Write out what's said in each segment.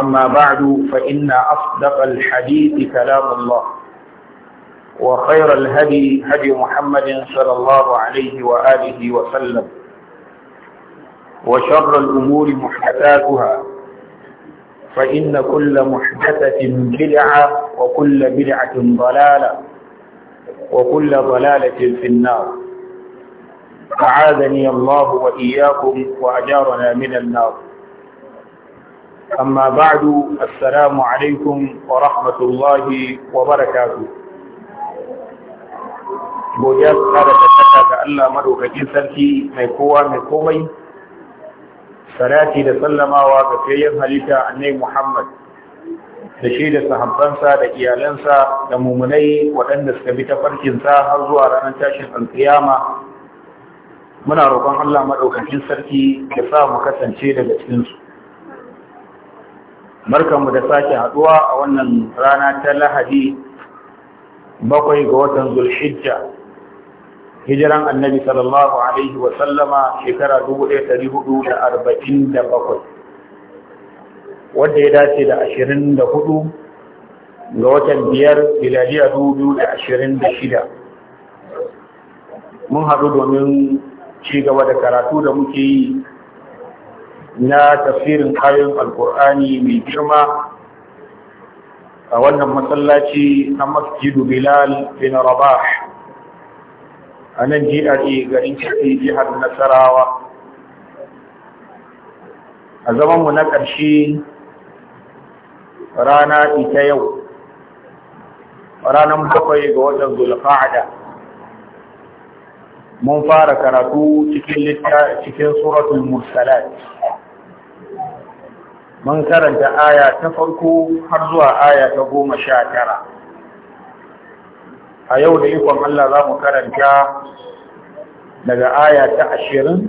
أما بعد فإن أصدق الحديث كلام الله وخير الهدي هدي محمد صلى الله عليه وآله وسلم وشر الأمور محدثاتها فإن كل محدثة بدعة وكل بدعة ضلالة وكل ضلالة في النار أعاذني الله وإياكم وأجارنا من النار Amma أما assalamu alaikum wa rahmatullahi wa barakatu godiya su kara tattaka ga Allah madaukakin sarki mai kowa mai komai salati da sallamawa ga fiyayyen halitta annai Muhammad da shi da sahabbansa da iyalansa da mumunai waɗanda suka bi tafarkinsa har zuwa ranar tashin alkiyama muna roƙon Allah madaukakin sarki ya sa mu kasance daga cikinsu mu da sake haduwa a wannan rana ta lahadi bakwai ga watan zulhijja hijiran annabi sallallahu alaihi wa sallama shekara 1447 wanda ya dace da 24 ga watan biyar filadiya 2026 mun haɗu domin ci gaba da karatu da muke yi na tafsirin kayan alkur'ani mai girma a wannan masallaci na masjidu bilal bin rabah a nan jihar e garin kirki jihar nasarawa a zamanmu na ƙarshe rana ita yau ranar bakwai ga watan zulfa'ada mun fara karatu cikin suratul mursalat mun karanta aya ta farko har zuwa aya ta goma sha tara a yau da ikon Allah za mu karanta daga aya ta ashirin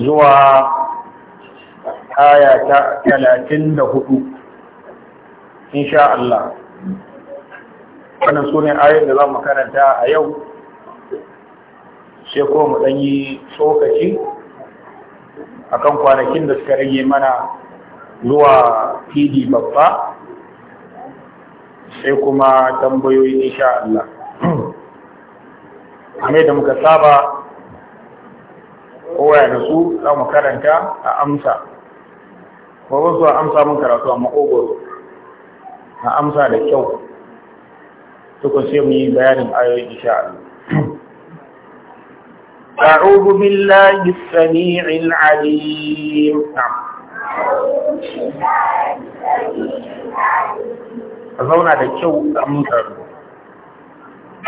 zuwa aya ta talatin da hudu insha Allah wannan su ne ayoyin da za mu karanta a yau sai ko mu ɗanyi tsokaci akan kwanakin da suka rage mana zuwa fidi babba sai kuma tambayoyi insha Allah kame da muka saba kowa da su za mu karanta a amsa ko wasu a amsa mun karatu a makogoro a amsa da kyau tukun sai mu yi bayanin ayoyi insha Allah أعوذ بالله السميع العليم نعم أزونا دكتور أمتر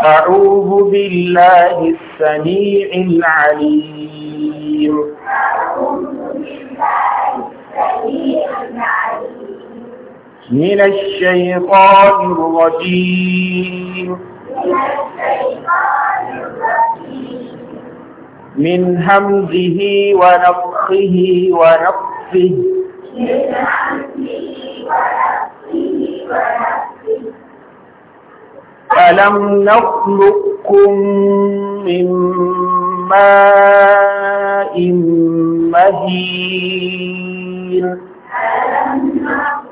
أعوذ بالله السميع العليم من الشيطان الرجيم من همزه ونفخه ونفخه ألم نخلقكم من ماء مهين ألم نخلقكم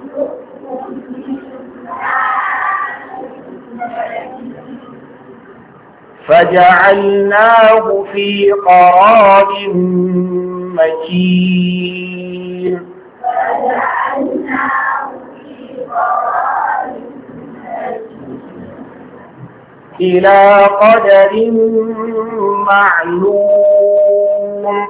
فجعلناه في قرار مكين إلى قدر معلوم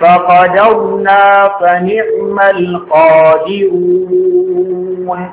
فقدرنا فنعم القادرون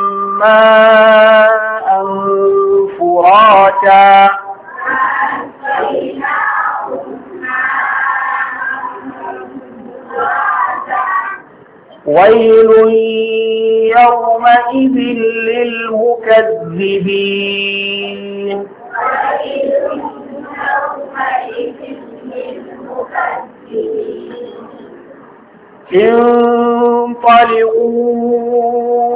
ماء فراتا ويل يومئذ للمكذبين انطلقوا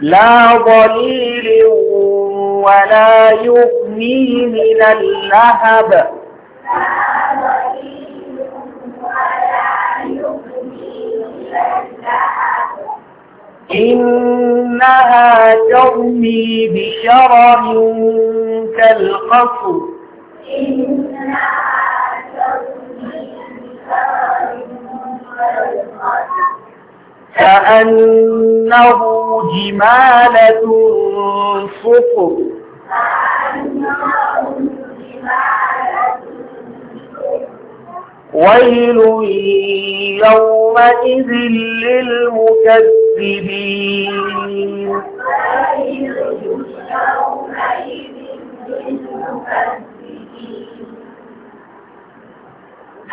لا ضليل ولا يغني من اللهب إنها ترمي بشرر كالقصر إنها ترمي بشرر كالقصر كأنه جمالة صفر ويل يومئذ للمكذبين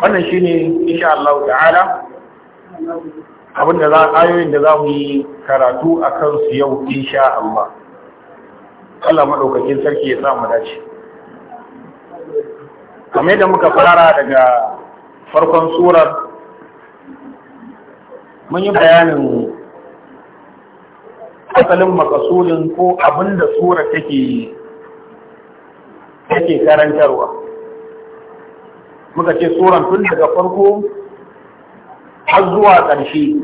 wannan shine insha Allah ta'ala abin da za ayoyin da za mu yi karatu a kansu yau insha Allah Allah maɗaukakin sarki ya sa mu dace Kame da muka fara daga farkon surar mun yi bayanin asalin makasulin ko abin da surar take take karantarwa muka ce suran tun daga farko har zuwa ƙarshe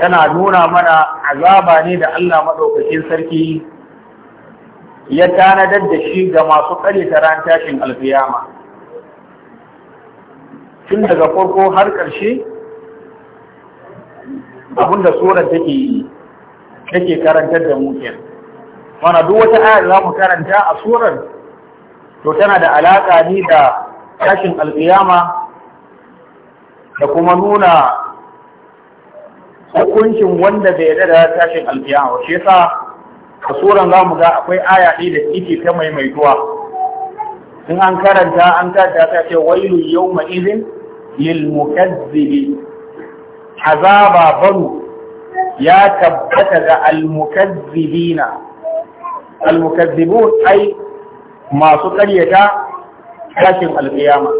tana nuna mana azaba ne da Allah maɗaukakin sarki ya tanadar da shi ga masu ƙaryata ran tashin alfiyama tun daga farko har ƙarshe abin da surar take take karanta da mu mana duk wata aya za mu karanta a surar to tana da alaƙa ne da tashin alƙiyama da kuma nuna hukuncin wanda bai yarda da tashin alkiyama shi yasa a suran za mu ga akwai aya ɗaya da ita ta maimaituwa in an karanta an tada ta ce wailu yawma idhin lil mukazzibi azaba banu ya tabbata ga al mukazzibina al mukazzibun ai masu karyata tashin alkiyama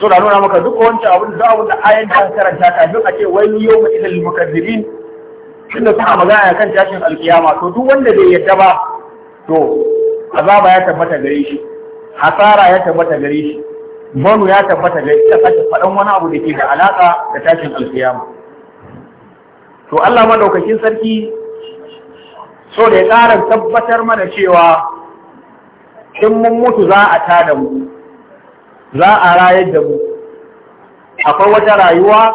so da nuna maka duk wancan abin da abin da ayan da karanta kafin a ce wai yau mu ilal mukazzirin tunda suna magana kan tashin alkiyama to duk wanda bai yadda ba to azaba ya tabbata gare shi hasara ya tabbata gare shi manu ya tabbata gare shi ta faɗan wani abu da ke da alaƙa da tashin alkiyama to Allah madaukakin sarki so da ya ƙara tabbatar mana cewa in mun mutu za a tada mu za a rayar da mu akwai wata rayuwa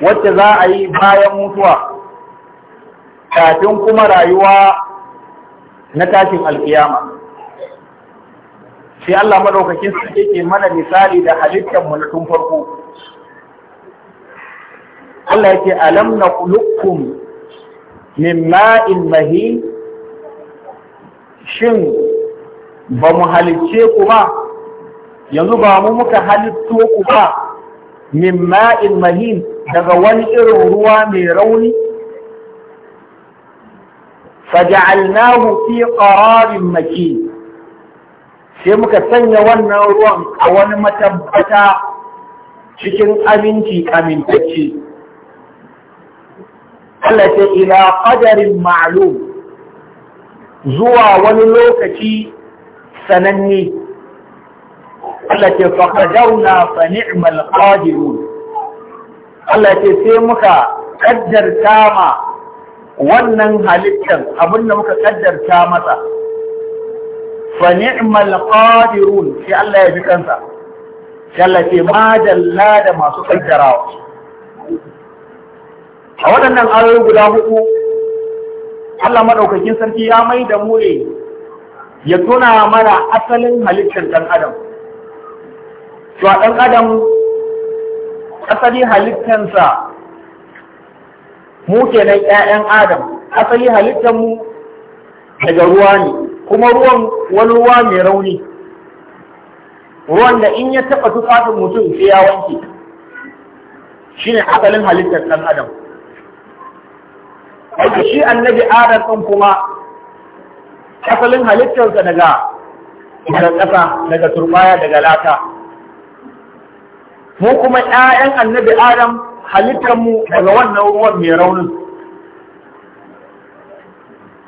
wacce za a yi bayan mutuwa kafin kuma rayuwa na tashin alkiyama sai Allah madaukakin su ke mana misali da halittar mu na tun farko Allah yake alam na kulukum min ma'in mahi shin ba mu halicce ku ba yanzu ba mu muka halitto ku ba min ma'in mahin daga wani irin ruwa mai rauni faja'alnahu fi qararin makin sai muka sanya wannan ruwan a wani matabbata cikin aminci amintacce Allah ta ila qadarin ma'lum zuwa wani lokaci sananne Allah ce faqadarna fa ni'mal qadirun Allah ce sai muka kaddarta ma wannan halittar abin da muka kaddarta masa fa ni'mal qadirun sai Allah ya bi kansa sai Allah ce ma dalla da masu kaddarawa a waɗannan ayoyi guda huɗu Allah madaukakin sarki ya mai da mu ya tuna mana asalin halittar ɗan adam to a ɗan adam asali halittansa mu kenan 'ya'yan adam asali halittar mu daga ruwa ne kuma ruwan wani ruwa mai rauni ruwan da in ya taɓa tufafin mutum sai ya wanke shi ne asalin halittar ɗan adam wanda shi annabi adam ɗin kuma asalin halittarsa daga daga ƙasa daga turbaya daga lata mu kuma ‘ya'yan annabi adam halittarmu daga wannan ruwan mai raunin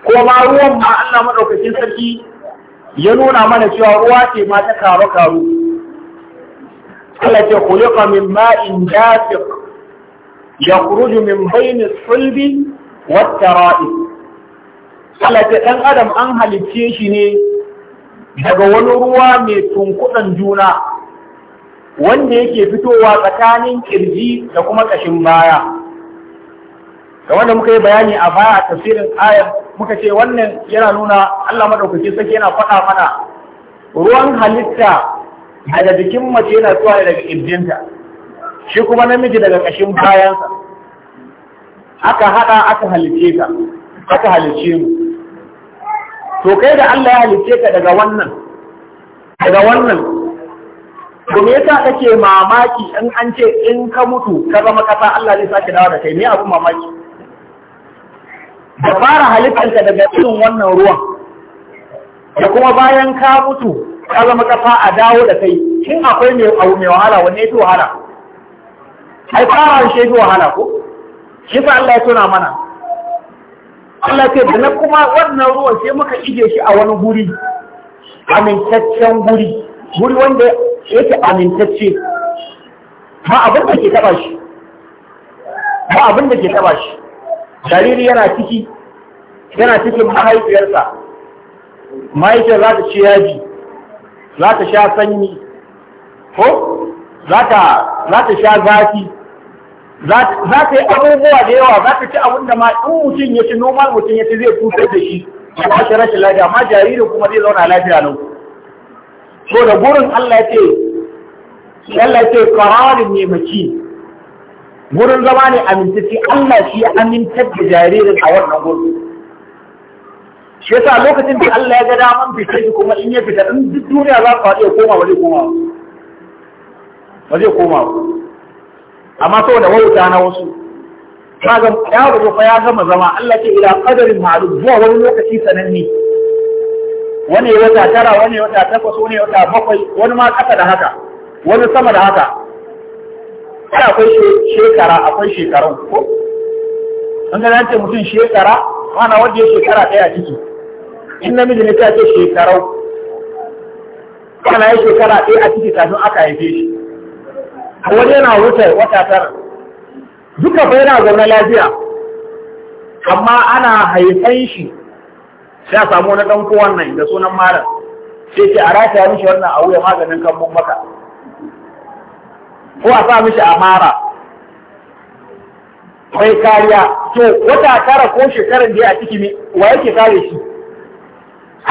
ko ma ruwan ma Allah maɗaukacin sarki ya nuna mana cewa ruwa ce ma ta karo-karo Allah ce kulifa min ma'in dafiq ya kuruju min baini sulbi wata ra'i Allah ce ɗan adam an halicce shi ne daga wani ruwa mai tunkuɗan juna wanda yake fitowa tsakanin kirji da kuma ƙashin baya da wanda muka yi bayani a baya a tafsirin ayar muka ce wannan yana nuna Allah maɗaukaki sake yana faɗa mana ruwan halitta daga jikin mace yana zuwa daga ƙirjinta, shi kuma namiji daga ƙashin bayansa aka haɗa aka halicce ka aka halicce mu to kai da Allah ya halicce ka daga wannan daga wannan to me yasa kake mamaki in an ce in ka mutu ka zama kasa Allah zai sake dawo da kai me abun mamaki da fara halittarka daga irin wannan ruwan da kuma bayan ka mutu ka zama kasa a dawo da kai kin akwai mai abu mai wahala wanne ya fi wahala ai fara shi ya fi wahala ko shi fa Allah ya tona mana Allah ce da na kuma wannan ruwan sai muka ije shi a wani guri amintaccen guri guri wanda yake amintacce ba abin da ke taba shi ba abin da ke taba shi jariri yana ciki yana cikin mahaifiyarsa mahaifiyar za ta ci yaji za ta sha sanyi ko za ta sha zafi za ta yi abubuwa da yawa za ta ci abin da ma in mutum ya ci normal mutum ya ci zai kusa da shi ya ba shi rashin lafiya amma jaririn kuma zai zauna lafiya nan so da gurin Allah ya ce Allah ya ce qararin ne maki gurin zama ne amintacce Allah shi ya amintar da jaririn a wannan gurin shi yasa lokacin da Allah ya ga daman fita shi kuma in ya fita in duk duniya za ta iya koma ba zai koma ba zai koma ba amma saboda wauta na wasu kaga ya rubuta ya gama zama Allah ce ila qadarin ma'lum zuwa wani lokaci sananne wani wata tara wani wata takwas wani wata bakwai wani ma ƙasa da haka wani sama da haka ai akwai shekara akwai shekarun ko an ga ce mutum shekara mana wanda ya shekara ɗaya a ciki in namiji ne ta ce shekarau kana ya shekara ɗaya a ciki kafin aka haife shi wani yana wuce wata tara duka bai na zaune lafiya amma ana haifan shi sai a samu wani ɗan kowan nan da sunan malam sai ce a rataya mishi wannan a wuya maganin mun maka ko a sa mishi a mara mai kariya to wata tara ko shekarar da ya a ciki wa yake kare shi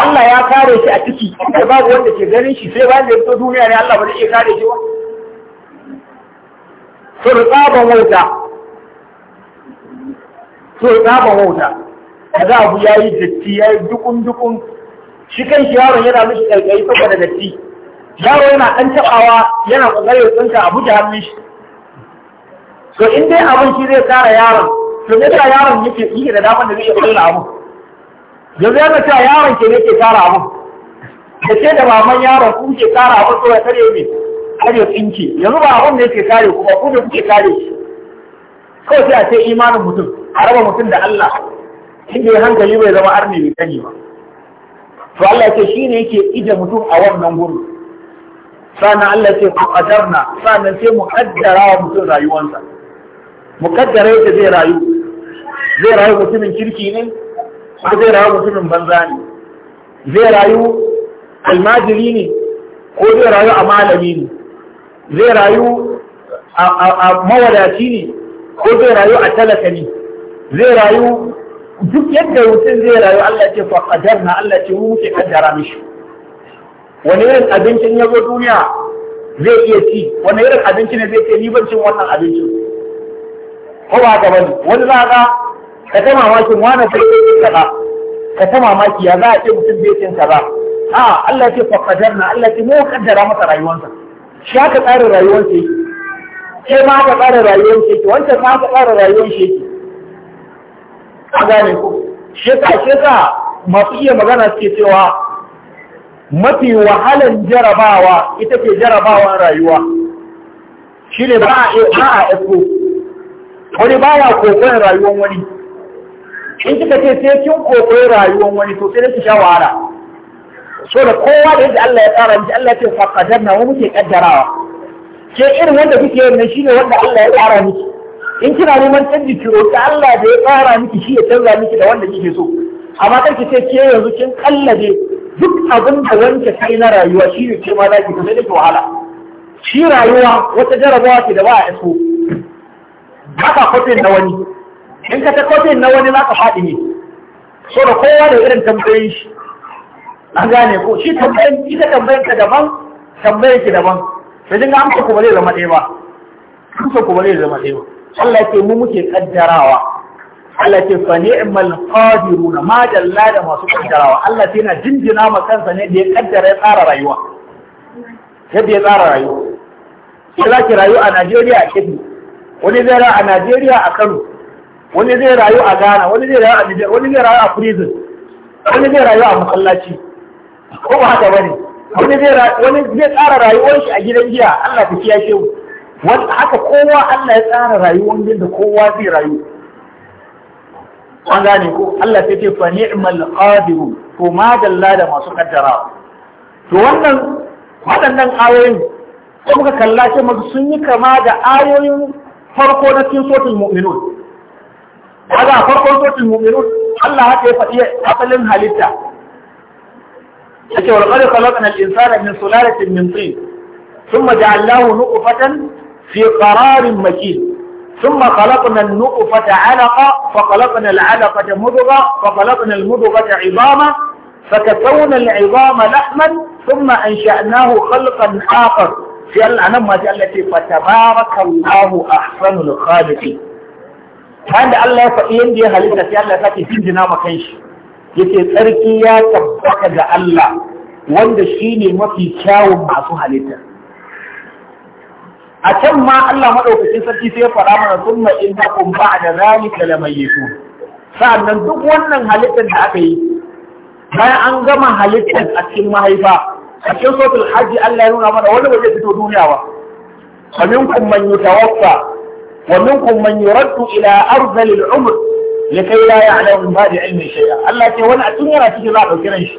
Allah ya kare shi a ciki da babu wanda ke ganin shi sai ba da ya duniya ne Allah ba zai kare shi ba to tsaban wauta to tsaban wauta kaza abu yi datti yi dukun dukun shi kan shi yaron yana mishi ƙaiƙayi saboda datti yaro yana ɗan taɓawa, yana kokarin tsinka abu da hannun shi to in dai abin shi zai tsara yaron to me da yaron yake yi da daman da zai kalla abu yanzu yana cewa yaron ke ne ke tsara abu da ke da maman yaron ku ke tsara abu to ya tare ne kare tsinke yanzu ba abin ne yake kare kuma ku da kuke kare shi kawai sai a ce imanin mutum a raba mutum da Allah shi ne hankali bai zama arni mai sani ba to Allah ce shi ne yake ije mutum a wannan gurin sannan Allah ce ku qadarna sannan sai mu kaddara wa mutum rayuwansa mu kaddara yadda zai rayu zai rayu mutumin kirki ne ko zai rayu mutumin banza ne zai rayu almajiri ne ko zai rayu a malami ne zai rayu a mawadaci ne ko zai rayu a talaka ne zai rayu duk yadda mutum zai rayu Allah ce fa qadarna Allah ce mu muke kaddara mishi wani irin abincin ya zo duniya zai iya ci wani irin abincin ne zai ce ni ban cin wannan abincin ko ba ka bane wani za ka ka ta mamakin wani sai kaza ka ta mamaki ya za a ce mutum zai cin kaza a Allah ce fa qadarna Allah ce mu kaddara masa rayuwarsa shi aka tsara rayuwarsa yake sai ma aka tsara rayuwarsa yake wancan ma aka tsara rayuwarsa yake a gane ku. sheka sheka masu iya magana suke cewa mafi wahalan jarabawa ita ke jarabawa rayuwa shi ne ba a esko wani ba ya kokon rayuwan wani in kika ce sai kin kokon rayuwan wani to sai nake shawara sha wahala so da kowa da yadda Allah ya tsara miki Allah ya ce faqadarna wa muke kaddarawa ke irin wanda kike yin shi ne wanda Allah ya tsara miki in kina neman canji ki roƙi Allah da ya tsara miki shi ya canza miki da wanda kike so amma kar ki ce ke yanzu kin kallabe duk abin da wanke kai na rayuwa shi ne ke ma zaki ki tafi da wahala shi rayuwa wata jarabawa ce da ba a iso ba ka kwafin na wani in ka ta kwafin na wani za ka faɗi ne so da kowa da irin tambayin shi an gane ko shi tambayin ita tambayin ka daban tambayin ki daban sai dinga amsa ku ba zai zama ɗaya ba amsa kuma ba zai zama ɗaya ba Allah ke mu muke kaddarawa Allah ke fa ni'mal qadiruna ma dalla da masu kaddarawa Allah ke na jinjina ma kansa ne da ya kaddara ya tsara rayuwa yadda ya tsara rayuwa sai zaki rayu a Najeriya a Kebbi wani zai rayu a Najeriya a Kano wani zai rayu a Ghana wani zai rayu a Niger wani zai rayu a prison wani zai rayu a masallaci ko ba haka bane wani zai wani zai tsara rayuwar shi a gidan giya Allah ta kiyaye shi wanda haka kowa Allah ya tsara rayuwar yadda kowa zai rayu an gane ko Allah sai ce fa ni'mal qadiru to ma dalla da masu kaddara to wannan waɗannan ayoyin ko muka kalla shi maka sun yi kama da ayoyin farko na cikin sotul mu'minun kaga farkon sotul mu'minun Allah haka ya faɗi asalin halitta yake wal qad khalaqna al-insana min sulalatin min tin thumma ja'alnahu nutfatan في قرار مكين ثم خلقنا النطفة علقة فخلقنا العلقة مضغة فخلقنا المضغة عظاما فكسونا العظام لحما ثم أنشأناه خلقا آخر في الأنمة التي فتبارك الله أحسن الخالقين wanda Allah ya faɗi yadda ya halitta sai Allah ya sake jinjina ma kanshi yace tsarki ya tabbata ga Allah wanda shine mafi kyawun masu halitta a can ma Allah maɗaukacin sarki sai ya faɗa mana sunna innakum ba'da zalika lamayyitun sa'annan duk wannan halittar da aka yi bayan an gama halittar a cikin mahaifa a cikin sotul hajji Allah ya nuna mana wani ba zai fito duniya ba wa minkum man yutawaffa wa minkum man yuraddu ila arzalil umr likai la ya'lamu ba da ilmin shay'a Allah ce wani a cikin yana cikin za a ɗauki ran shi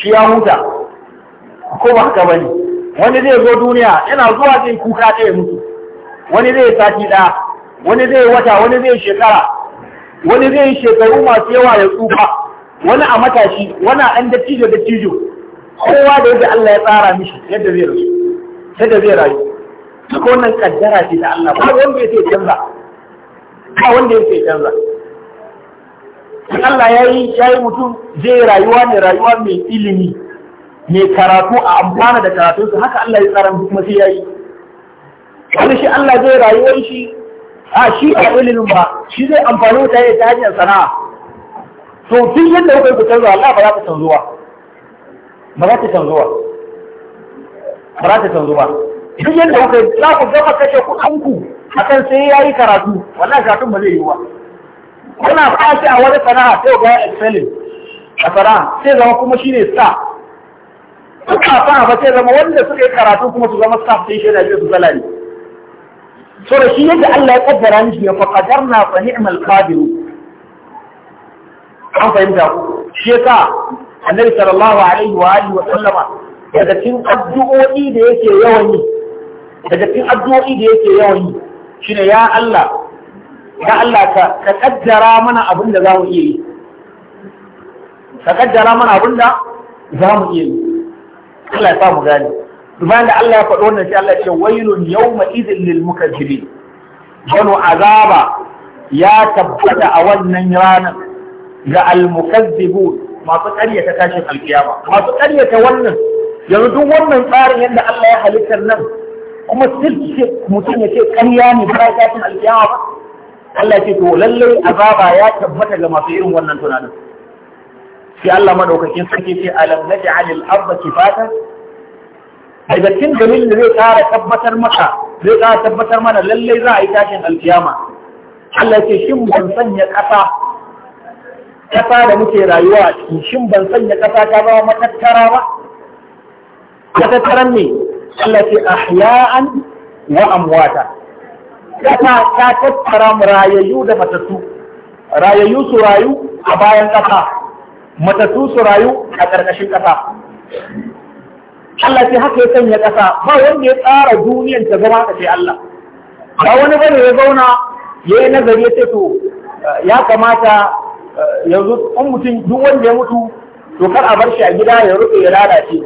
shi ya huta ko ba haka bane wani zai zo duniya yana zuwa zai kuka ɗaya mutu wani zai sati ɗaya wani zai wata wani zai shekara wani zai shekaru masu yawa ya tsufa wani a matashi wani a ɗan dattijo dattijo kowa da yadda Allah ya tsara mishi yadda zai rasu yadda zai rayu duka wannan kaddara ce ta Allah ba wanda ya sai canza ba wanda ya sai canza Allah ya yi mutum zai rayuwa ne rayuwa mai ilimi mai karatu a amfana da karatunsu haka Allah ya tsara kuma masu yayi wani shi Allah zai rayuwar shi a shi a ilimin ba shi zai amfani ya ta hanyar sana'a to duk yadda kuka ku canzuwa Allah ba za ta canzuwa ba za ta canzuwa ba za ta canzuwa duk yadda kuka za ku gama kashe kuɗanku akan sai ya yi karatu wannan karatun ba zai yi ba kuna fashi a wani sana'a sai ga excelling a sana'a sai zama kuma shi ne star suka fa ba zama wanda suka yi karatu kuma su zama staff din shi da su zalali so da shi yadda Allah ya kaddara ni ya na fa ni'mal qadiru an fahimta ku shi yasa annabi sallallahu alaihi wa alihi wa sallama daga cikin addu'o'i da yake yawan yi daga cikin addu'o'i da yake yawan yi shine ya Allah ya Allah ka kaddara mana abin da za mu iya yi ka kaddara mana abin da za mu iya yi Allah ya sa mu gane bayan da Allah ya faɗo wannan sai Allah ya ce wailun yawma idhil lil mukazzibi Wani azaba ya tabbata a wannan ranar ga al mukazzibun masu ƙaryata tashin alkiyama masu ƙaryata wannan yanzu duk wannan tsarin yadda Allah ya halittar nan kuma sirki mutum ya ce ƙarya ne ba tashin alkiyama ba Allah ce to lallai azaba ya tabbata ga masu irin wannan tunanin sai Allah madaukakin sarki ce alam naj'al al-ardha kifata daga cikin dalilin da zai ƙara tabbatar maka zai ƙara tabbatar mana lalle za a yi tashin alkiyama Allah ce shin ban sanya ƙasa ƙasa da muke rayuwa a ciki shin ban sanya ƙasa ta zama matattara ba matattaran ne Allah ce ahya'an wa amwata ƙasa ta tattara mu rayayyu da matattu rayayyu su rayu a bayan ƙasa matattu su rayu a ƙarƙashin ƙasa Allah sai haka ya sanya ƙasa ba wanda ya tsara duniyar ta zama ta ce Allah ba wani bane ya zauna ya yi nazari ya ce to ya kamata eh, yanzu in mutum duk wanda ya mutu to kar a bar shi a gida ya rufe ya lalace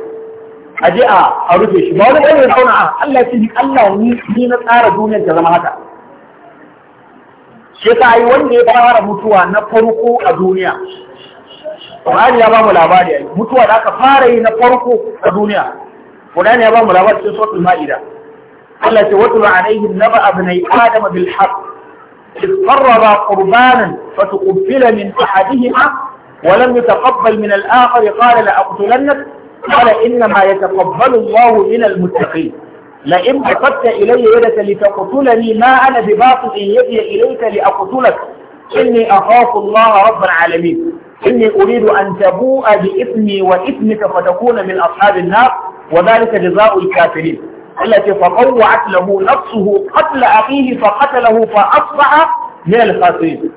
a je a rufe shi ba wani bane ya zauna a Allah sai Allah ni na tsara duniyar ta zama haka shi ta yi wanda ya fara mutuwa na farko a duniya Qur'ani ya ba mu labari mutuwa da aka fara yi na farko a duniya Qur'ani ya ba mu labari cikin suratul Ma'ida Allah ce watlu alaihim naba abnai adama bil haqq إذ قربا قربانا فتقبل من أحدهما ولم يتقبل من الآخر قال لأقتلنك قال إنما يتقبل الله من المتقين لئن بسطت إلي يدك لتقتلني ما أنا بباطل يدي إليك لأقتلك إني أخاف الله رب العالمين إني أريد أن تبوء بإثمي وإثمك فتكون من أصحاب النار وذلك جزاء الكافرين التي فطوعت له نفسه قتل أخيه فقتله فأصبح من الخاسرين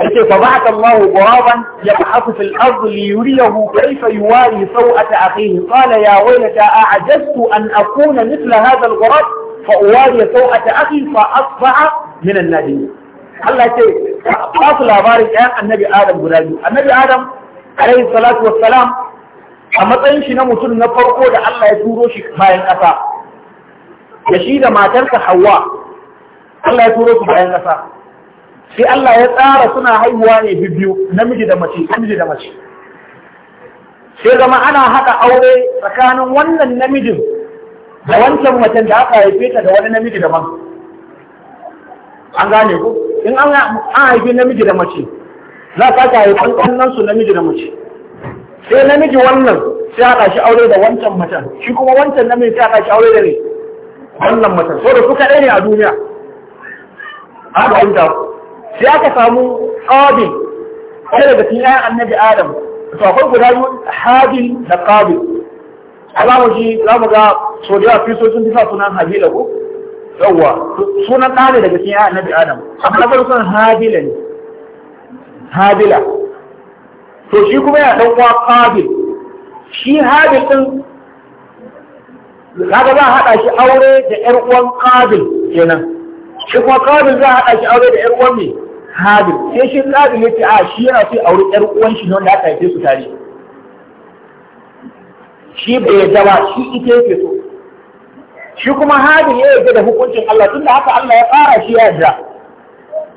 التي فبعث الله غرابا يبحث في الأرض ليريه كيف يواري سوءة أخيه قال يا ويلتى أعجزت أن أكون مثل هذا الغراب فأواري سوءة أخي فأصبح من النادمين Allah ce ba su labarin ɗayan annabi Adam guda biyu annabi Adam alaihi salatu wa salam a matsayin shi na mutum na farko da Allah ya turo shi bayan ƙasa da shi da matarsa Hawwa Allah ya turo su bayan ƙasa sai Allah ya tsara suna haihuwa ne biyu namiji da mace namiji da mace sai zama ana haɗa aure tsakanin wannan namijin da wancan macen da aka haife ta da wani namiji daban an gane ku in an haifi namiji da mace za ka ga haifan ƙannan su namiji da mace sai namiji wannan sai haɗa shi aure da wancan macen shi kuma wancan namiji sai haɗa shi aure da ne wannan macen so da su kaɗai ne a duniya a wanda sai aka samu qabil ɗaya daga cikin ƴaƴan annabi adam to akwai guda biyu habil da qabil alamu za mu ga sau da yawa fi sunan habila ko yawwa sunan ɗa ne daga cikin annabi adam amma farkon habila ne habila to shi kuma ya ɗan uwa qabil shi habil din kaga za a haɗa shi aure da ƴar uwan qabil kenan shi kuma qabil za a haɗa shi aure da ƴar uwan ne habil sai shi qabil yace a shi yana so aure ƴar uwan shi ne wanda aka haife su tare shi bai yadda ba shi ita yake so shi kuma hadin ya yarda da hukuncin Allah da haka Allah ya fara shi ya yarda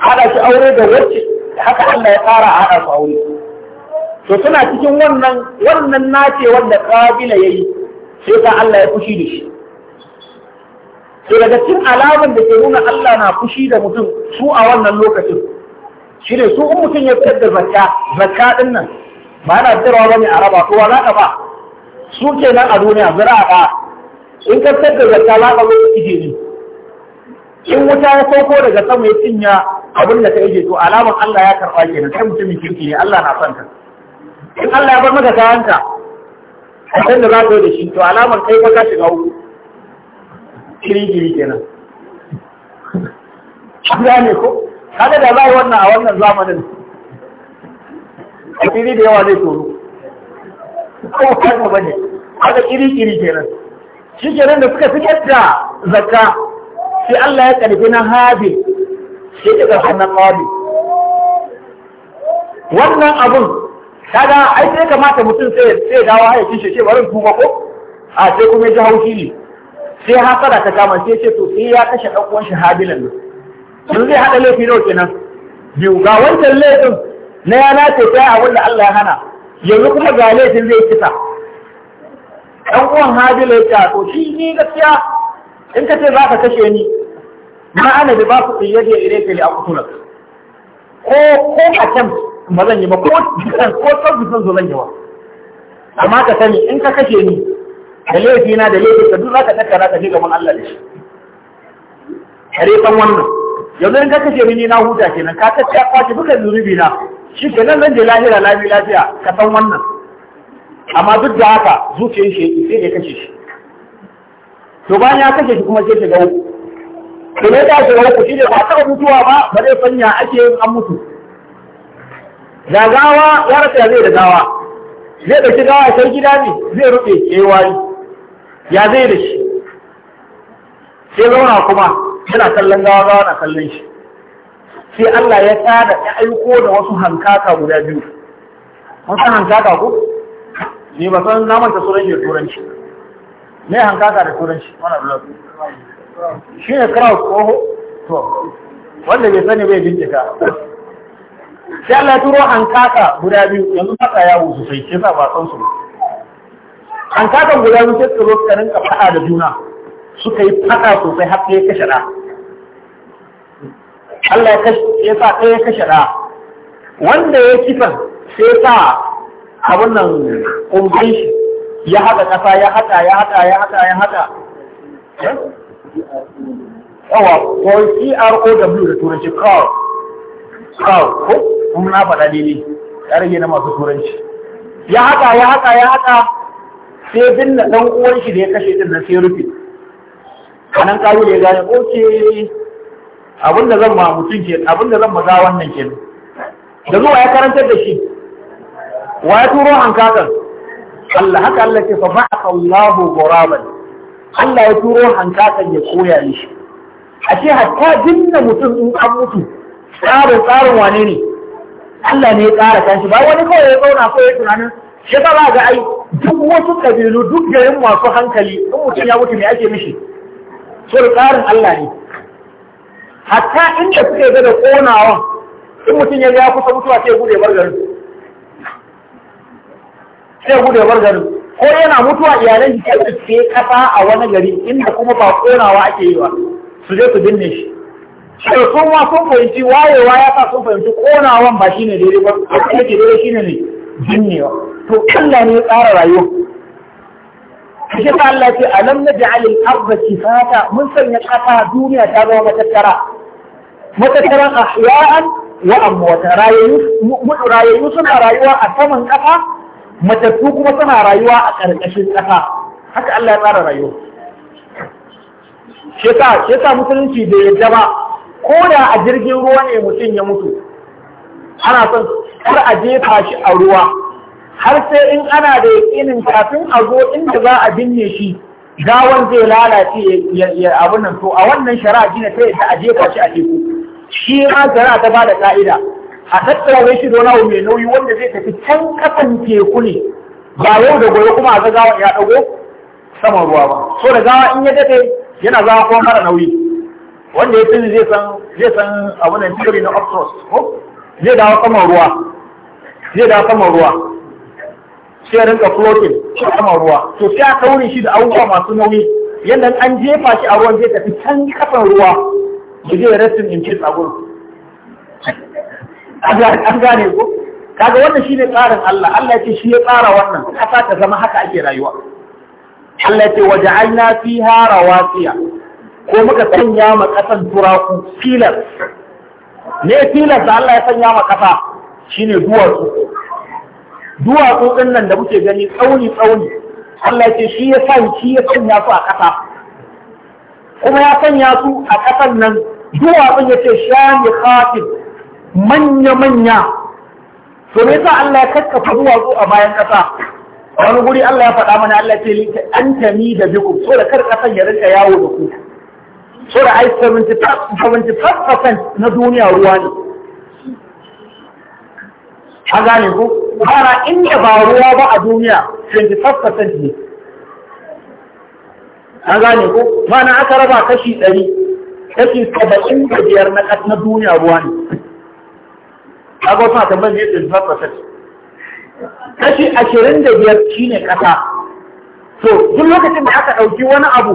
hada shi aure da wacce haka Allah ya fara haɗa su aure to suna cikin wannan wannan nace wanda kabila yayi sai ka Allah ya fushi da shi to daga cikin alamun da ke nuna Allah na kushi da mutum su a wannan lokacin shi ne su mutum ya fitar da zakka zakka din nan ba yana fitarwa bane a raba kowa za ka ba su kenan a duniya zira a in ka da zata za mai ije ne in wuta ya sauko daga sama ya cinya abin da ka ije to alaman Allah ya karɓa kenan kai mutumin kirki ne Allah na son ka in Allah ya bar maka ka, a kan da za ka yi da shi to alaman kai fa ka shiga kiri-kiri kenan an gane ko kada da za yi wannan a wannan zamanin a fili da yawa zai tsoro ko kan ba ne haka kiri-kiri kenan shi kenan da suka fitar da zakka sai Allah ya karfi na habil sai ya karfi na qabil wannan abun kaga ai sai kamata mutum sai ya dawo ya kishi ce bari tuba ko a sai kuma ya ji haushi ne sai hasara ta kama sai ce to sai ya kashe ɗan uwan shi habilan nan yanzu zai haɗa laifi nawa kenan biyu ga wancan laifin na yana ce a abin da Allah ya hana yanzu kuma ga laifin zai kisa ɗan uwan hajila ya ce to shi ni gaskiya in ka ce za ka kashe ni ma ana da ba ku tsiyaje ire ka a akutuna ko ko a can ba zan yi ba ko jikan ko san bisan zo zan yi ba amma ka sani in ka kashe ni da laifi na da laifi ka duk za ka tattara ka je gaban Allah da shi kare san wannan yanzu in ka kashe ni na huta kenan ka tattara kwaci duka zunubi na shi kenan zan je lahira lafiya lafiya ka san wannan amma duk da haka zuciyar shi sai da kashe shi to bayan ya kashe shi kuma sai shiga uku to ne da shiga uku shi ne ba taɓa mutuwa ba ba zai sanya ake yin an mutu da gawa ya rasa zai da gawa zai da gawa sai gida ne zai rufe kewari ya zai da shi sai zauna kuma yana kallon gawa gawa na kallon shi sai Allah ya tsada ya aiko da wasu hankaka guda biyu wasu hankaka ko ni ba san na manta sunan shi turanci me hankaka da turanci wannan blog shi ne crowd ko to wanda bai sani bai bincika sai Allah ya turo hankaka guda biyu yanzu haka yawo su sai sa ba san su hankakan guda biyu sai tsoro suka ka faɗa da juna suka yi faɗa sosai har sai kashe da Allah ya sa ɗaya kashe da wanda ya kisan sai ta a wannan ƙungun shi ya haɗa ƙasa ya haɗa ya haɗa ya haɗa ya haɗa eh? yawa ko CROW da turanci cow cow ko kuma na faɗa daidai ya rage na masu turanci ya haɗa ya haɗa ya haɗa sai binne ɗan uwan shi da ya kashe ɗin nan sai rufe anan kawo ne ya gane oke abinda zan ma mutum ke abinda zan maza wannan ke da zuwa ya karantar da shi wa ya turo hankakan Allah haka Allah ce fa ba'atha Allahu ghuraban Allah ya turo hankakan ya koya mishi ashe hatta jinna mutum in an mutu tsarin tsarin wane ne Allah ne ya tsara shi. ba wani kawai ya zauna ko ya tunanin shi ba ba ga ai duk wasu kabilu duk garin masu hankali in mutum ya mutu me ake mishi so tsarin Allah ne hatta inda suke ga da konawa in mutum ya ya kusa mutuwa sai gude bar garin sai gudu ya bar garin ko yana mutuwa iyalan shi sai su kasa a wani gari inda kuma ba konawa ake yi ba su je su binne shi sai sun ma sun fahimci wayewa ya sa sun fahimci konawan ba shine daidai ba ko da ke daidai shine ne binnewa to Allah ne ya tsara rayuwa Kashe ta Allah ce alam na ja'alil arda kifata mun sanya kasa duniya ta zama matattara matattaran ahya'an wa amwata rayayyu suna rayuwa a saman kasa matattu kuma suna rayuwa a ƙarƙashin ƙasa haka Allah ya tsara rayuwa sheka yasa musulunci da ya ba ko da a jirgin ruwa ne mutum ya mutu ana son kar a jefa shi a ruwa har sai in ana da yakinin kafin a zo inda za a binne shi gawan zai lalace ya abin nan to a wannan shari'a ne ta a jefa shi a teku shi ma shari'a ta ba da ka'ida a tattara shi da wani abu mai nauyi wanda zai tafi can kasan teku ne ba yau da gobe kuma a ga gawa ya dago saman ruwa ba so da gawa in ya dade yana zama kuma mara nauyi wanda ya tuni zai san zai san abu nan theory na obstrus ko zai dawo saman ruwa zai dawo saman ruwa sai rinka floating saman ruwa to sai a kauri shi da abubuwa masu nauyi yadda an jefa shi a ruwan zai tafi can kasan ruwa da zai resting in peace a gurin an gane ko kaga wannan shine tsarin Allah Allah ya ce shi ya tsara wannan kasa ta zama haka ake rayuwa Allah ya ce waja'alna fiha rawasiya ko muka sanya ma kasan turaku filas ne filas da Allah ya sanya ma kasa shine duwatsu duwatsu din nan da muke gani tsauni tsauni Allah ya ce shi ya sa shi ya sanya su a kasa kuma ya sanya su a kasan nan duwatsun ya ce shani khatib manya-manya so me yasa Allah ya kakkafa duwatsu a bayan ƙasa A wani guri Allah ya faɗa mana Allah ce lita an tami da bikum so da kar ƙasan ya rinka yawo da ku so da ai 75% na duniya ruwa ne a gane ku fara inda ba ruwa ba a duniya 25% ne A gane ko mana aka raba kashi 100, kashi saba'in da biyar na duniya ruwa ne kaga wasu tambayar ne tsinci na procent kashi ashirin da biyar shi ne ƙasa so duk lokacin da aka ɗauki wani abu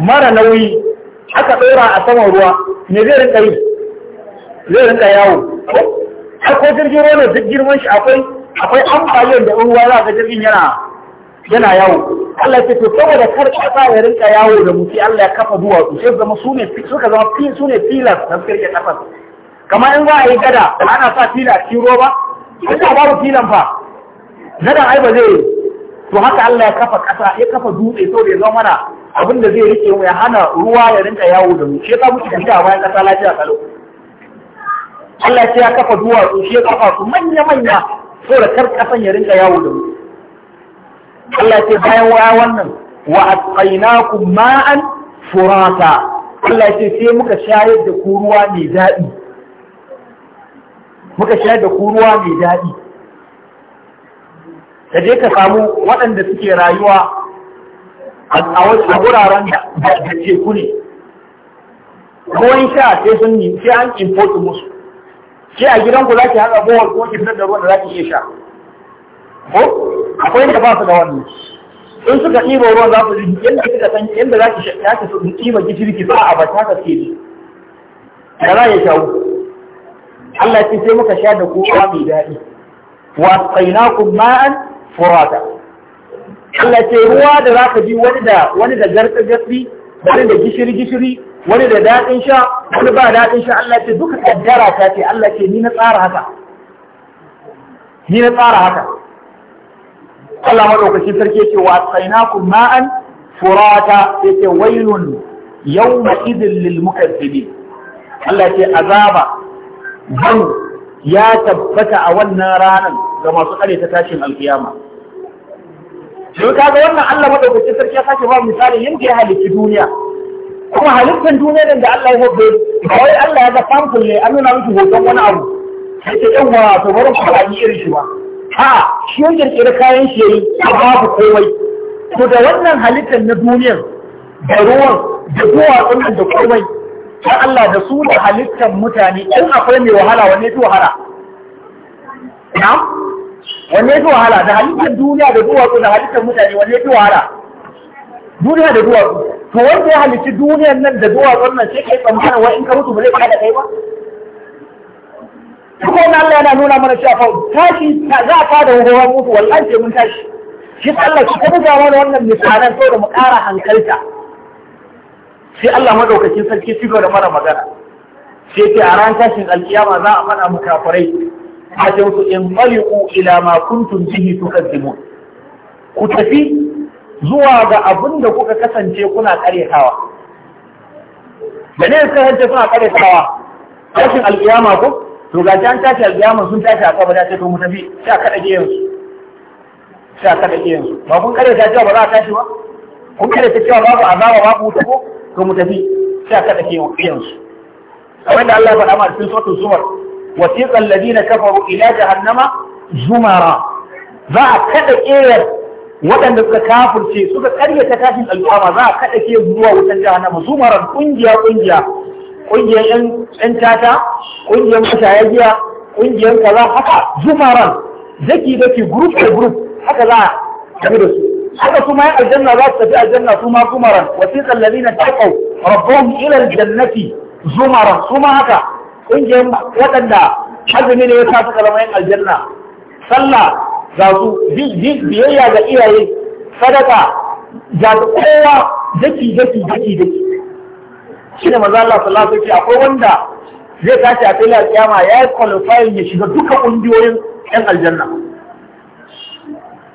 mara nauyi aka ɗora a saman ruwa me zai rinka yi zai rinka yawo akwai jirgin ruwa duk girman shi akwai akwai ambaliyar da ruwa za ga jirgin yana yana yawo Allah ce to saboda kar ƙasa ya rinka yawo da mutu Allah ya kafa duwatsu sai zama su ne suka zama su ne filas na kirkin kasa kamar in za a yi gada ana sa fila a cikin roba ita babu filan fa gadan ai ba zai to haka Allah ya kafa kasa ya kafa dutse saboda ya zama mana abin da zai rike mu ya hana ruwa ya rinka yawo da mu shi ya muke tafiya a bayan kasa lafiya kalau Allah ya ya kafa duwatsu shi ya kafa su manya manya da kar kasan ya rinka yawo da mu Allah ya bayan waya wannan wa asqainakum ma'an furata Allah ya sai muka shayar da ku ruwa mai daɗi muka shayar da ku ruwa mai daɗi ka je ka samu waɗanda suke rayuwa a wuraren da teku ne ruwan sha sai sun yi sai an import musu sai a gidanku za ki haɗa bohol ko ki fitar da ruwan da za ki iya sha ko akwai da ba su da wannan in suka ɗiba ruwan za su ji yadda suka san yadda za ki ya ki ɗiba gishiri ki sa a bata ka ke ne da za ya shawo Allah ce sai muka sha da ku ruwa mai daɗi wa tsainakum ma'an furata Allah ce ruwa da zaka ji wani da wani da garka gasri wani da gishiri gishiri wani da daɗin sha wani ba daɗin sha Allah ce duka kaddara ta ce Allah ce ni na tsara haka ni na tsara haka Allah madaukakin sarki yake wa tsainakum ma'an furata yake wailun yawma idin lil mukazzibin Allah ce azaba ban ya tabbata a wannan ranar ga masu kare ta tashin alkiyama don kaga wannan Allah madaukakin sarki ya sake ba misali yanda ya halitta duniya kuma halittar duniya da Allah ya hobbe ba wai Allah ya ga samfur ne an nuna miki hoton wani abu sai ta yan wa to bari ku irin shi ba a shi ya kirkira kayan shi yayi babu komai to da wannan halittar na duniyar da ruwan da duwatsun da komai ta Allah da su da halittar mutane in akwai mai wahala wanne fi wahala na wanne fi wahala da halittar duniya da duwatsu da halittar mutane wanne fi wahala duniya da duwatsu to wanda ya halitti duniyar nan da duwatsu nan sai kai tsammana wa in ka mutu ba zai kada kai ba Kuma wani Allah yana nuna mana cewa tashi za a fada hukumar mutu wallahi sai mun tashi. Shi Allah shi ta buga mana wannan misalan saboda mu ƙara hankalta. sai Allah madaukakin sarki shi da mara magana sai ke a ran tashin alkiyama za a mana mu kafirai a su in maliku ila ma kuntum bihi tukazzimun ku tafi zuwa ga abin da kuka kasance kuna karyatawa da ne suka hanta suna karyatawa tashin alkiyama ko to ga an tashi alkiyama sun tashi a kabari sai to mu tafi sai a kada yanzu. su sai a kada giyan ba kun karyata cewa ba za a tashi ba kun karyata cewa babu azaba babu wuta ko to mu tafi sai aka dake yansu kamar da Allah ya faɗa ma cikin suratul zumar wasiqal ladina kafaru ila jahannama zumara za a kada kiyar waɗanda suka kafirce suka karyata kafin al'umma za a kada kiyar zuwa wutan jahannama zumaran kungiya kungiya kungiyar yan tata kungiyar mashaya giya kungiyar kaza haka zumaran zaki zaki group by group haka za a tafi da su haka kuma yan aljanna za su tafi aljanna su ma kumaran wasiqa alladhina taqaw rabbuhum ila jannati zumaran su ma haka ƙungiyar waɗanda azumi ne ya sa suka zama yan aljanna sallah za su biyayya ga iyaye sadaka ga kowa daki daki daki daki shi ne maza Allah sallallahu alaihi akwai wanda zai tashi a filin kiyama ya yi qualifying ya shiga duka ƙungiyoyin yan aljanna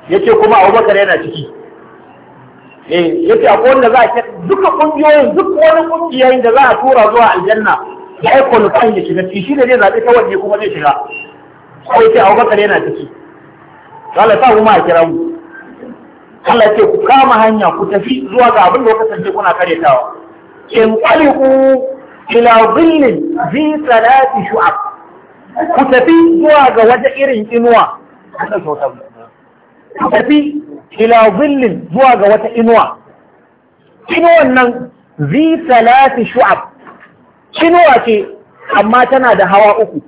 yake kuma Abubakar yana ciki eh yace akwai wanda za a duka kungiyoyin duk wani kungiyoyin da za a tura zuwa aljanna ya yi kwalifan ya shiga ciki shi ne zai zaɓi ta waje kuma zai shiga ko yace Abubakar yana ciki Allah sa kuma a kira mu Allah ce ku kama hanya ku tafi zuwa ga abin da kuka kasance kuna tawa, in qaliqu ila dhillin zi salati shu'ab ku tafi zuwa ga wata irin inuwa Allah mu. tafi ila zillin zuwa ga wata inuwa inuwan nan zi salati shu'ab inuwa ce amma tana da hawa uku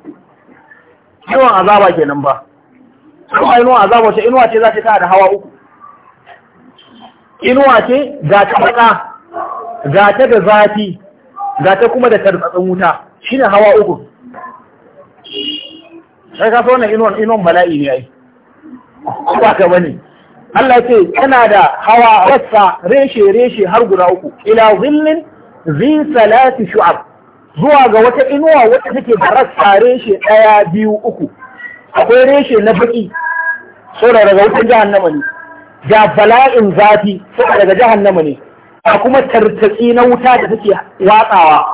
inuwan azaba nan ba kuma inuwan azaba ce inuwa ce za ta tana da hawa uku inuwa ce ga ta baka ga ta da zafi ga ta kuma da tarkatsin wuta ne hawa uku sai ka so wani inuwan inuwan bala'i ne ai ba ka bane Allah ce yana da hawa wasa reshe reshe har guda uku ila zillin zi salati shu'ab zuwa ga wata inuwa wata take da rassa reshe ɗaya biyu uku akwai reshe na baki saboda daga wutar jahannama ne ga bala'in zafi saboda daga jahannama ne a kuma tartaki na wuta da take watsawa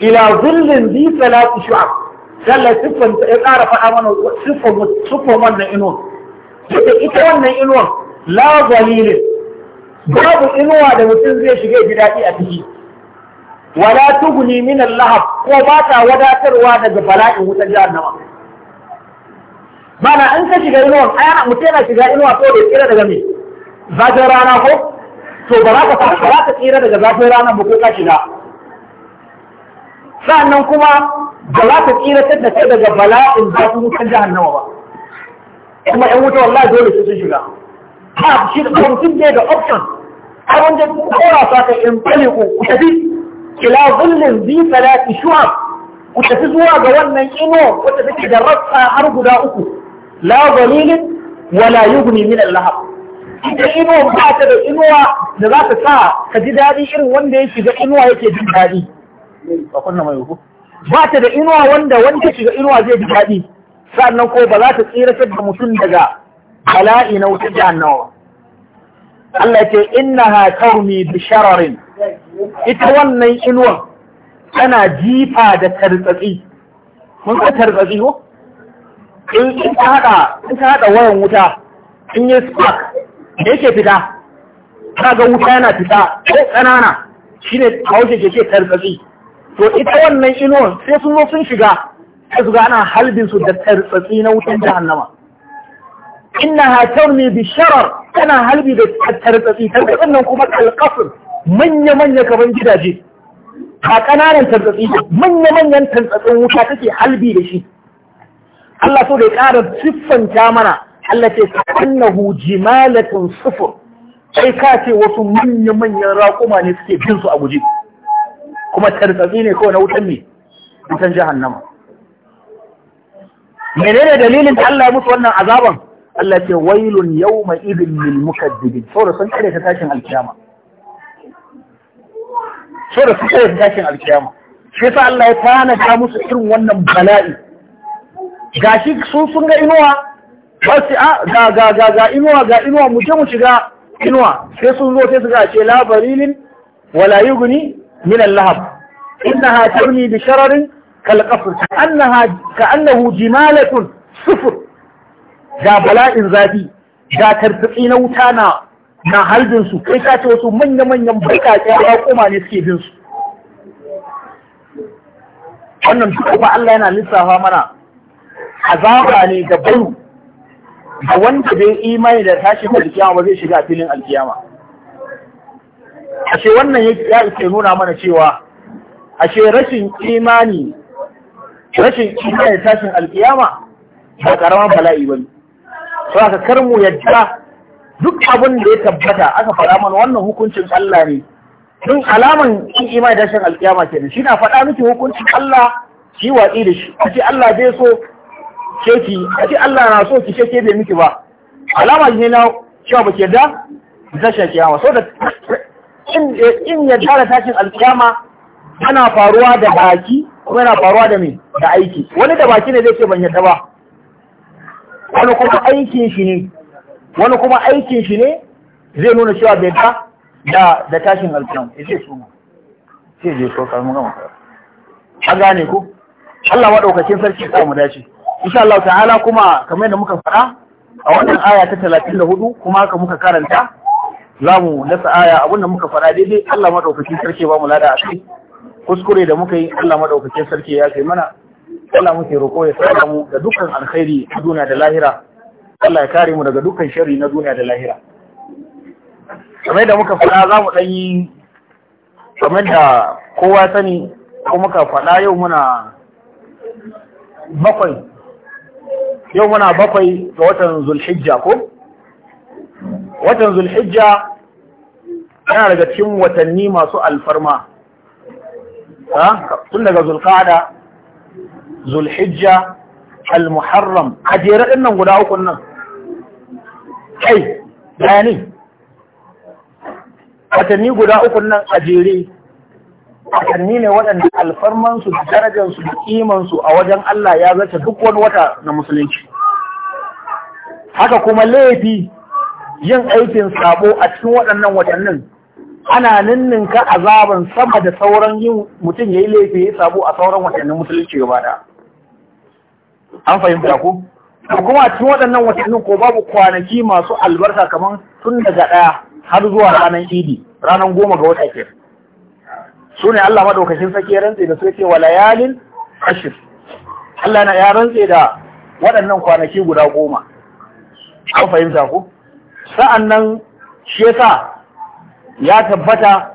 ila zillin zi salati shu'ab Allah siffan ya ƙara faɗa mana siffan wannan inuwar. yadda ita wannan inuwar, la zalilin babu inuwa da mutum zai shige ji daɗi a ciki wala tughni min lahab ko ba ta wadatarwa daga bala'in wutar jahannama bana an ka shiga inuwar ayana mutum yana shiga inuwa ko da tsira daga me zafin rana ko to ba za ka ba ka tsira daga zafin rana ba ko ka shiga sannan kuma ba za ta tsira da kai daga bala'in za su wutar jahannama ba kuma ‘yan wuta wallahi dole su sun shiga ha shi da mutum ne da option har wanda kora sa ka in bale ku ku tafi ila zullin zi salati ku tafi zuwa ga wannan ino wata take da rassa har guda uku la zalilin wala yughni min al-lahab ita ino ba ta da inuwa da za ta sa ka ji daɗi irin wanda ya shiga inuwa yake jin daɗi ba mai ba ta da inuwa wanda ta shiga inuwa zai ji daɗi sannan ko ba za ta tsira da mutum daga bala'i na wutar jahannawa Allah ce innaha tarmi bi shararin ita wannan inuwan tana jifa da tarzatsi mun ka tarzatsi ko in ka haɗa wayan wuta in yi spark da yake fita ka ga wuta yana fita ko Shi shine a wuce ke ce tartsatsi to ita wannan inuwan sai sun zo sun shiga sai su ga ana halbin su da tartsatsi na wutan jahannama innaha tarmi bi sharar tana halbi da tartsatsi tartsatsin nan kuma kalqasr manya manya kaman gidaje a ƙananan tantsatsi manya manyan tantsatsin wuta take halbi da shi Allah so da ya ƙara siffanta mana Allah ce annahu jimalatun sufur sai ka ce wasu manya manyan raƙuma ne suke bin su a guje kuma tartsatsi ne ko na wutan ne wutan jahannama menene dalilin da Allah ya musu wannan azaban Allah ce wailun yawma idin lil mukaddibin saboda sun kare ta tashin alkiyama saboda sun kare ta tashin alkiyama shi yasa Allah ya tanada musu irin wannan bala'i gashi sun sun ga inuwa ba su a ah, ga ga ga ga inuwa ga inuwa mu je mu shiga inuwa sai sun zo sai su ga ce la barilin wala yuguni min al-lahab innaha tarmi bi shararin kal qasr ka'annaha ka'annahu jimalatun sufur ga bala'in zafi ga tartsi na wuta na na halbin su kai ka ce wasu manya manyan bakake a kuma ne suke bin su wannan duka ba Allah yana lissafa mana azaba ne ga bayu a wanda bai yi imani da tashin alkiyama ba zai shiga filin alkiyama ashe wannan ya ke nuna mana cewa ashe rashin imani rashin imani tashin alkiyama ba karaman bala'i bane to aka karmu yadda duk abin da ya tabbata aka fara mana wannan hukuncin Allah ne tun alaman in imani tashin alkiyama kenan shi na faɗa miki hukuncin Allah shi watsi da shi a ce Allah zai so sheki a ce Allah na so ki sheke bai miki ba alama ne na cewa ba ke da tashin alkiyama so da in ya tara tashin alkiyama yana faruwa da baki kuma yana faruwa da me da aiki wani da baki ne zai ce ban yadda ba wani kuma aikin shi ne wani kuma aikin shi ne zai nuna cewa bai da da da tashin alkiyama ya ce su ma Zai je so kar gama a gane ku Allah madaukakin sarki ya mu dace insha Allah ta'ala kuma kamar yadda muka faɗa a wannan aya ta 34 kuma haka muka karanta za mu dasa aya abin da muka faɗa daidai Allah madaukakin sarki ba mu lada a kai kuskure da muka yi Allah madaukakin sarki ya kai mana Allah muke roƙo ya saka mu da dukkan alkhairi na duniya da lahira Allah ya kare mu daga dukkan sharri na duniya da lahira kamar da muka faɗa za mu ɗan yi kamar da kowa sani ko muka faɗa yau muna bakwai yau muna bakwai ga watan zulhijja ko watan zulhijja yana daga cikin watanni masu alfarma tun daga zulqa'ada zulhijja al-muharram a jere din nan guda uku nan kai bayani watanni guda uku nan a jere watanni ne waɗanda alfarmansu da darajarsu da kimansu a wajen Allah ya zata duk wani wata na musulunci haka kuma laifi yin aikin sabo a cikin waɗannan watannin ana ka azaban sama da sauran yin mutum ya yi laifi ya sabo a sauran watannin musulunci gaba da an fahimta ku kuma cikin waɗannan watannin ko babu kwanaki masu albarka kamar tun daga ɗaya har zuwa ranar idi ranar goma ga wata ke su ne Allah madaukakin sake rantse da su wa layalin ashir Allah na ya rantse da waɗannan kwanaki guda goma an fahimta ku sa'an nan shi yasa ya tabbata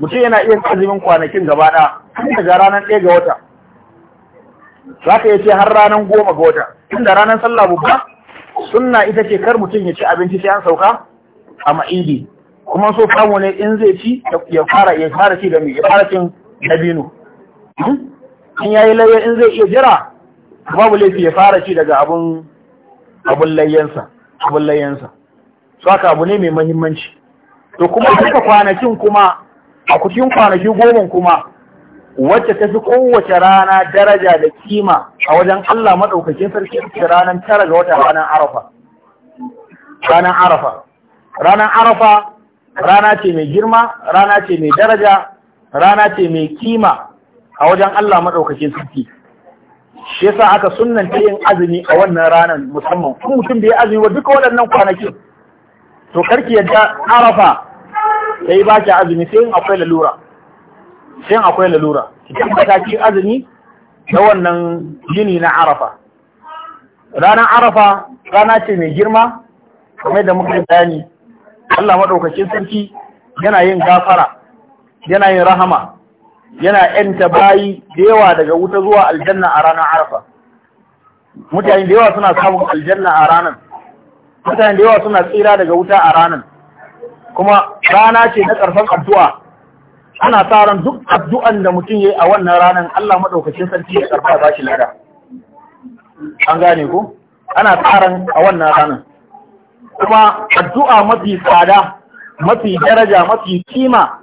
mutum yana iya azumin kwanakin gaba ɗaya daga ranar ɗaya ga wata za ka iya ce har ranar goma ga wata inda ranar sallah babba suna ita ce kar mutum ya ci abinci sai an sauka a ma'idi kuma so famu ne in zai ci ya fara ya fara ci da mai ya fara cin dabino hmm? in ya yi layya in zai iya jira babu laifi ya fara ci daga abun abun layyansa abun layyansa su haka abu ne mai mahimmanci to kuma duka kwanakin kuma a kucin kwanaki goma kuma wacce ta fi kowace rana daraja da kima a wajen Allah maɗaukakin sarki ita ranar tara ga wata ranar arafa ranar arafa ranar arafa rana ce mai girma rana ce mai daraja rana ce mai kima a wajen Allah maɗaukakin sarki shi yasa aka sunnanta yin azumi a wannan ranar musamman kuma mutum bai azumi wa duka waɗannan kwanakin to karki yadda arafa ta yi ba baki azumi sai akwai lalura sai akwai lalura ki tabbata ki azumi da wannan jini na arafa ranar arafa rana ce mai girma kamar da muka bayani Allah madaukakin sarki yana yin gafara yana yin rahama yana ‘yanta bayi da yawa daga wuta zuwa aljanna a ranar arafa. Mutane da yawa suna samun aljanna a ranar. mutane da yawa suna tsira daga wuta a ranar kuma rana ce na ƙarfin addu'a ana tsaron duk addu'an da mutum yi a wannan ranar Allah maɗaukacin sarki ya karfa ba shi lada an gane ku? ana tsaron ran a wannan ranar kuma addu'a mafi tsada mafi daraja mafi kima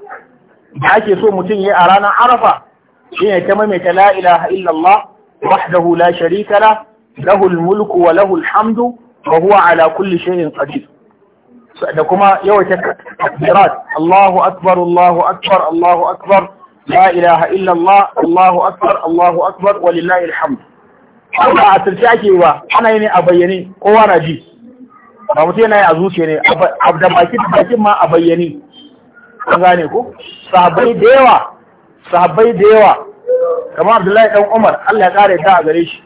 da ake so mutum ya yi a ranar Arafa shine ta maimaita la ilaha illallah wahdahu la sharika la lahul mulku wa lahul hamdu wa huwa ala kulli shay'in qadir da kuma yawaita takbirat Allahu akbar Allahu akbar Allahu akbar la ilaha illa Allahu akbar Allahu akbar walillahi alhamd ba a tsirce ake ba ana yi ne a bayyane kowa na ji ba mutum yana yi a zuciya ne a da baki da ma a bayyane an da yawa kamar Abdullahi Umar Allah ya kare ta a gare shi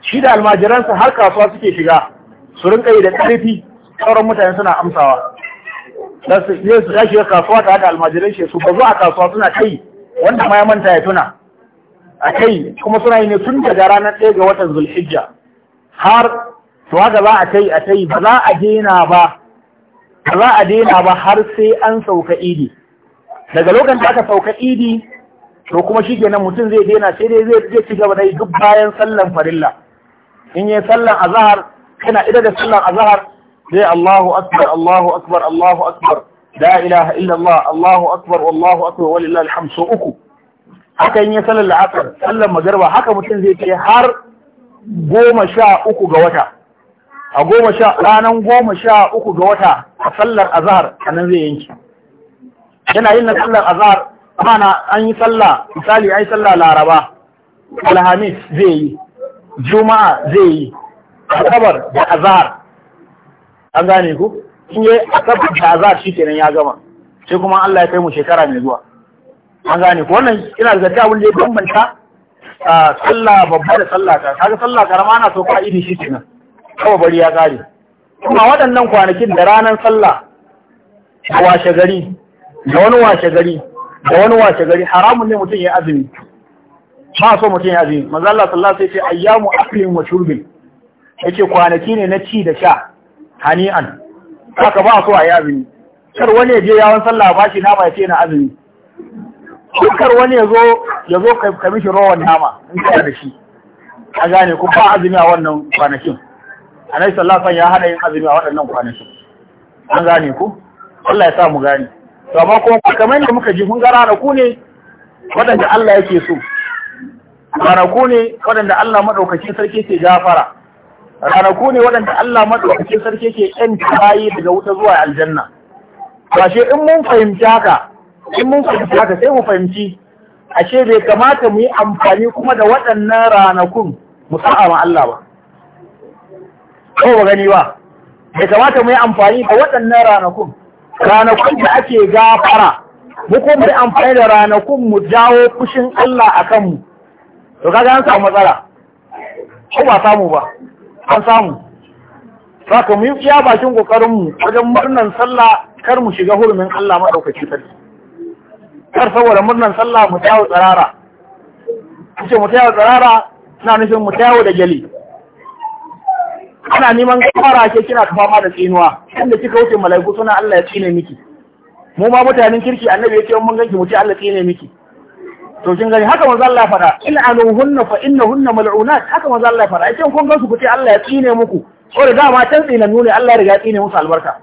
shi da almajiransa har kasuwa suke shiga su rinka yi da ƙarfi sauran mutane suna amsawa da su yi su tashi kasuwa ta da almajirai shi su ba a kasuwa suna kai wanda ma ya manta ya tuna a kai kuma suna yi ne tun daga ranar ɗaya ga watan zulhijja har to haka za a kai a kai ba za a daina ba ba za a daina ba har sai an sauka idi daga lokacin da aka sauka idi to kuma shi kenan mutum zai daina sai dai zai ci gaba da duk bayan sallan farilla in yi sallan azahar kana ida da sallar azahar. sai Allahu akbar Allahu akbar Allahu akbar la ilaha illa Allah Allahu akbar wallahu akbar walillahi alhamd so uku haka sallar la'asar magarba haka mutum zai ce har ga wata a ranar goma ga wata a sallar azhar a zai yanki yana yin sallar azhar mana an yi sallah misali an sallah laraba alhamis zai yi juma'a zai yi asabar da azar an gane ku in yi asabar da azar shi kenan ya gama sai kuma Allah ya kai mu shekara mai zuwa an gane ku wannan ina da ta abin da ya bambanta sallah babba da sallah ta kaga sallah karama ana so ka iri shi kenan kawai bari ya kare kuma waɗannan kwanakin da ranar sallah da washe gari da wani washe gari da wani washe gari haramun ne mutum ya azumi ba so mutum ya azumi manzo Allah sallallahu alaihi wasallam sai ce ayyamu aklin wa shurbin yace kwanaki ne na ci da sha hani'an haka ba so a yi azumi kar wani ya je yawon sallah ba shi nama ya ce na azumi kar wani ya zo ya zo ka mishi rawan nama in ka da shi a gane ku ba azumi a wannan kwanakin anai sallah alaihi ya hada yin azumi a waɗannan kwanakin an gane ku Allah ya sa mu gane to amma kuma kamar yadda muka ji kun ga ranaku ne waɗanda Allah yake so ranaku ne waɗanda Allah madaukakin sarki ke gafara ranaku ne waɗanda Allah madaukakin sarki ke ƴanta kayi daga wuta zuwa aljanna Kashe in mun fahimci haka in mun fahimci haka sai mu fahimci ashe bai kamata mu yi amfani kuma da waɗannan ranakun mu sa'a ma Allah ba Kawai ba gani ba bai kamata mu yi amfani da waɗannan ranakun ranakun da ake gafara mu kuma yi amfani da ranakun mu jawo fushin Allah a kanmu to kaga an samu matsala ko ba samu ba an samu saka mu yi fiya bakin kokarinmu wajen murnan sallah kar mu shiga hurumin Allah madaukaki sarki kar saboda murnan sallah mu tawo tsarara kace mu tawo tsarara ina nufin mu tawo da gali ana neman kafara ke kina kafama da tsinuwa inda kika wuce malaiku suna Allah ya tsine miki mu ma mutanen kirki annabi ya ce mun ganki mu ce Allah tsine miki to kin gani haka manzo Allah fara in aluhunna fa innahunna mal'unat haka manzo Allah fara ai kun gansu ku Allah ya tsine muku ko da dama can tsinannu ne Allah ya riga tsine musu albarka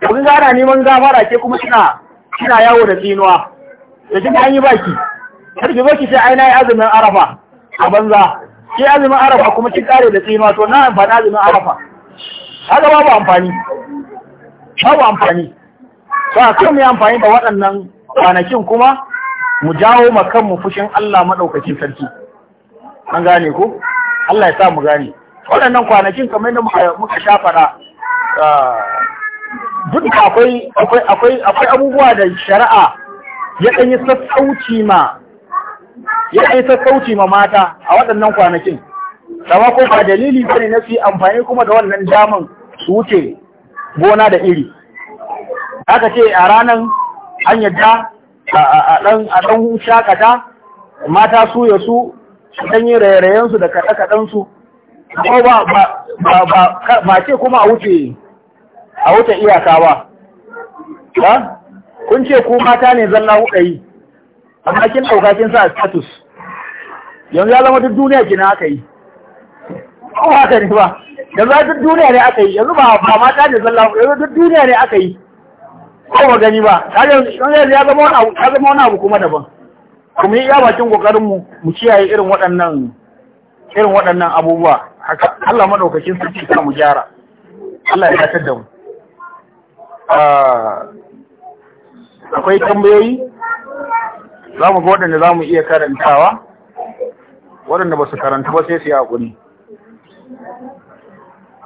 to kin gana neman gafara ke kuma kina kina yawo da tsinuwa da kin an yi baki har ki baki sai ai nayi azumin arafa a banza ki azumin arafa kuma kin kare da tsinuwa to na amfani azumin arafa haka babu amfani babu amfani to a kan mu amfani da waɗannan kwanakin kuma mu jawo ma kanmu fushin Allah maɗaukacin sarki an gane ko Allah ya sa mu gane waɗannan kwanakin kamar da muka sha faɗa ah, duk akwai akwai abubuwa da shari'a ya ɗanyi sassauci ma ya ɗanyi sassauci ma mata a waɗannan kwanakin sama ko ba dalili ne na su amfani kuma da wannan daman su wuce gona da iri aka ce a ranar an yadda a ɗan a shakata mata su ya su ɗan yi rayayensu da kaɗe kaɗan su ko ba ba ba ce kuma a wuce a wuce iyaka ba ba kun ce ku mata ne zalla kuka yi amma kin ɗauka kin sa status yanzu ya zama duk duniya kina aka yi ko haka ne ba yanzu duk duniya ne aka yi yanzu ba ba mata ne zalla yanzu duk duniya ne aka yi ko ba gani ba kaga ya zama wani abu zama wani abu kuma daban kuma iya bakin kokarin mu mu kiyaye irin waɗannan irin waɗannan abubuwa haka Allah madaukakin sarki ka mu gyara Allah ya tatar da mu ah, akwai tambayoyi za mu ga waɗanda za mu iya karantawa waɗanda ba su karanta ba sai su yi haƙuri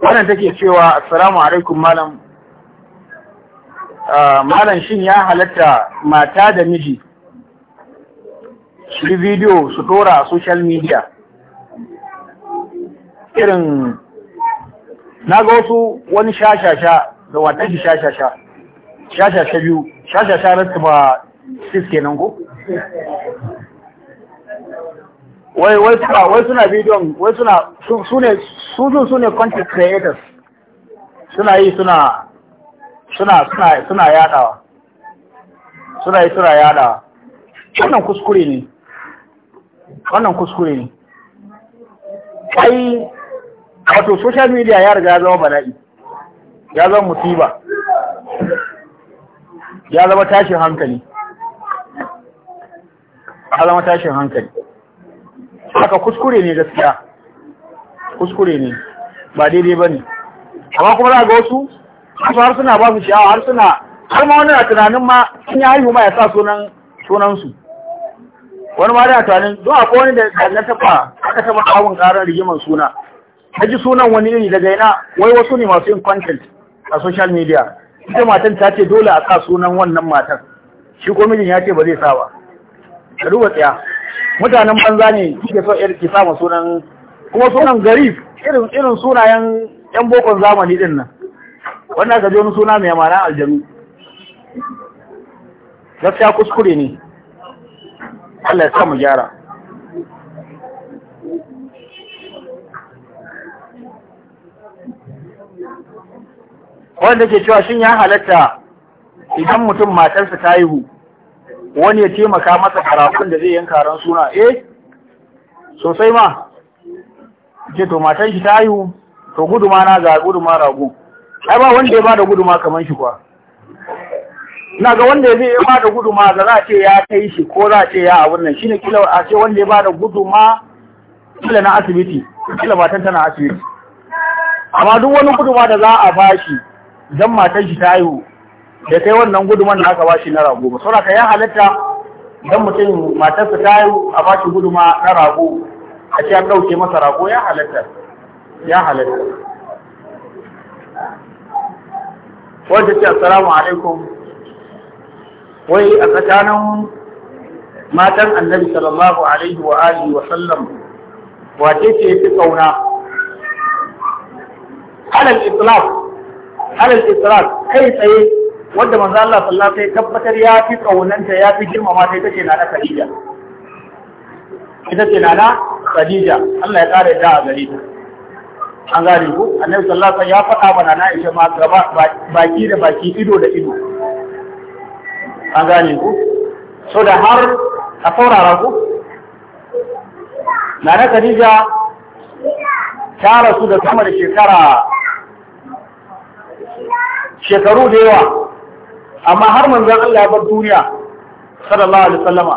wannan take cewa assalamu alaikum malam Ah, malam shin ya halatta mata da miji su bidiyo su tora a social media irin na ga wasu wani shashasha da wata shi shashasha shashasha biyu shashasha rasu ba sis kenan ko wai wai suna wai suna bidiyon wai suna su ne su ne content creators suna yi suna suna suna suna yadawa suna yi suna yadawa wannan kuskure ne wannan kuskure ne kai wato social media ya riga zama bala'i ya zama musiba ya zama tashin hankali ya zama tashin hankali haka kuskure ne gaskiya kuskure ne ba daidai ba ne amma kuma za ga wasu su harsuna suna ba su sha'awa har suna har ma wani na tunanin ma sun yi haihu ma ya sa sunan sunansu wani ma da tunanin don akwai wani da na taba aka taba kawun karar rigimar suna ta ji sunan wani iri daga yana wai wasu ne masu yin content a social media ita matan ta ce dole a sa sunan wannan matan shi ko mijin ya ce ba zai sa ba ka duba tsaya mutanen banza ne suke so ki sa ma sunan kuma sunan garif irin sunayen yan bokon zamani din nan wannan ka ji wani suna mai ma'ana aljanu gaskiya kuskure ne Allah ya sa gyara wanda ke cewa shin ya halatta idan mutum matarsa ta haihu wani ya taimaka masa karafin da zai yanka ran suna eh sosai ma ce to matan shi ta haihu to guduma na ga guduma rago ai ba wanda ya bada guduma kamar shi kuwa ina ga wanda ya zai bada guduma da za a ce ya kai shi ko za a ce ya abun nan shine kila a ce wanda ya bada guduma kila na asibiti kila matan tana asibiti amma duk wani guduma da za a bashi dan matan shi ta haihu da kai wannan guduman da aka bashi na rago ba saboda ya halatta dan mutum matarsa ta haihu a bashi guduma na rago a ce an dauke masa rago ya halatta ya halatta wadda ce assalamu alaikum wai a tsakanin matan annabi sallallahu alaihi wa alihi wa sallam wace ce fi kauna alal islam alal islam kai tsaye wadda manzo Allah sallallahu alaihi tabbatar ya fi kaunanta ya fi girmama ta take na Khadija ita ce na Khadija Allah ya kare da a gare ta an gane ko annabi sallallahu alaihi ya faɗa mana na ishe ma gaba baki da baki ido da ido an gane ko so da har a saurara ko Nana Khadija ta rasu da sama da shekara shekaru da yawa amma har manzon Allah bar duniya sallallahu alaihi wasallama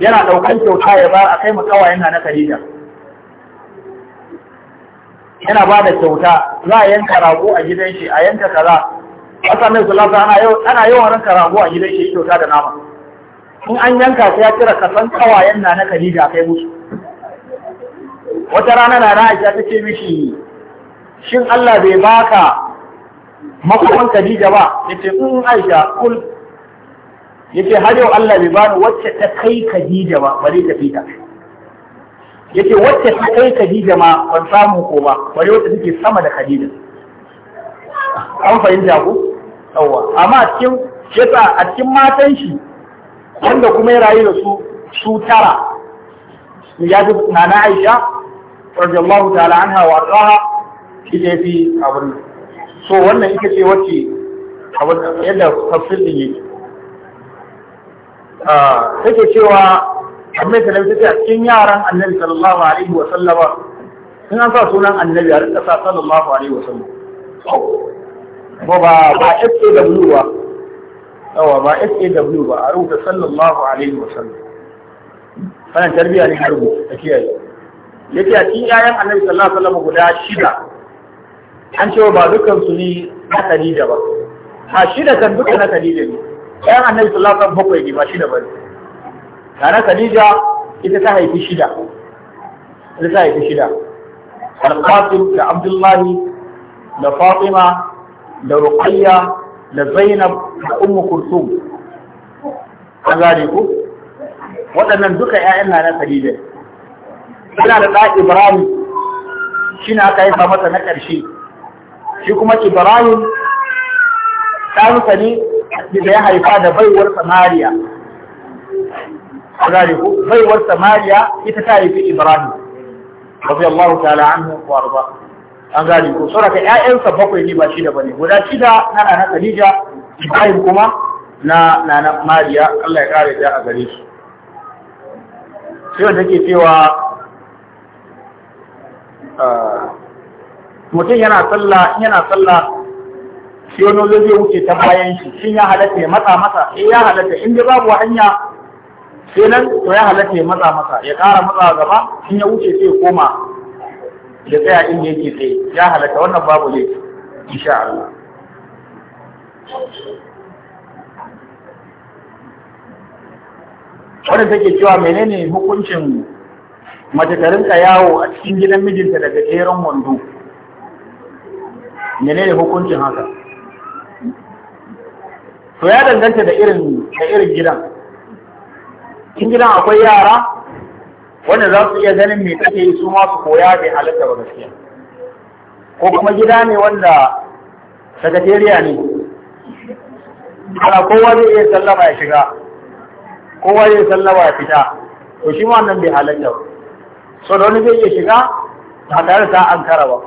yana daukan kyauta ya bar akai yana na Khadija yana ba da kyauta za a yanka rago a gidan shi a yanka kaza asa mai su ana ana yawan ranka rago a gidan shi kyauta da nama in an yanka sai ya kira kasan kawayen na na Khadija kai musu wata rana na aiki ta ce mishi shin Allah bai baka makon Khadija ba ce in mm, Aisha kul yace har yau Allah bai bani wacce ta kai Khadija ba Bari ta fita yake wacce ta kai Khadija ma ban samu ko ba bari wacce take sama da Khadija an fahimta ku yawa amma a cikin yasa a cikin matan shi wanda kuma ya rayu da su su tara ya ji nana Aisha radiyallahu ta'ala anha wa shi ita fi abin so wannan ita ce wacce yadda tafsir din yake ah, take cewa amma ta nan take a cikin yaran annabi sallallahu alaihi wa sallama sun an sa sunan annabi a rika sa sallallahu alaihi wa sallam ba ba ba SAW ba yawa ba SAW ba a rubuta sallallahu alaihi wa sallam wannan tarbiyya ne a rubuta ta kiyaye yake a cikin yayan annabi sallallahu alaihi wa sallam guda shida an ce ba dukkan su ne na Khadija ba a shida kan duka na Khadija ne yayan annabi sallallahu alaihi wa sallam bakwai ne ba shida ba ne Nana Khadija ita ta haifi shida. Ita ta haifi shida. Al-Qasim da Abdullahi da Fatima da Ruqayya da Zainab da Ummu Kulthum. An gane ku? Waɗannan duka ‘ya'yan Nana Khadija. Ina da ɗa Ibrahim shi na aka haifa masa na ƙarshe. Shi kuma Ibrahim ɗansa ne da ya haifa da baiwar Samariya. gane ko baiwar samariya ita ta haifi ibrahim rabbi allahu ta'ala anhu wa arba an gane ko saboda ƴaƴansa bakwai ne ba da bane guda shida na na khadija ibrahim kuma na na mariya Allah ya kare ta a gare shi sai wanda ke cewa ah, mutum yana sallah yana sallah shi wani zai wuce ta bayan shi shin ya halatta ya matsa masa eh ya halatta in dai babu hanya Sai nan to ya halatta ya matsa masa ya ƙara matsa gaba in ya wuce sai ya koma ya tsaya inda yake tsaye ya halatta wannan babu ne insha Allah wanda take cewa menene hukuncin mace ta rinka yawo a cikin gidan mijinta daga tseren wando menene hukuncin haka to ya danganta da irin da irin gidan Kin gidan akwai yara wanda za su iya ganin me take yi su ma su koya bai halatta ba gaskiya ko kuma gida ne wanda sakatariya ne ana kowa zai iya sallama ya shiga kowa zai sallama ya fita to shi ma nan bai halatta ba so da wani zai iya shiga ba tare da an kara ba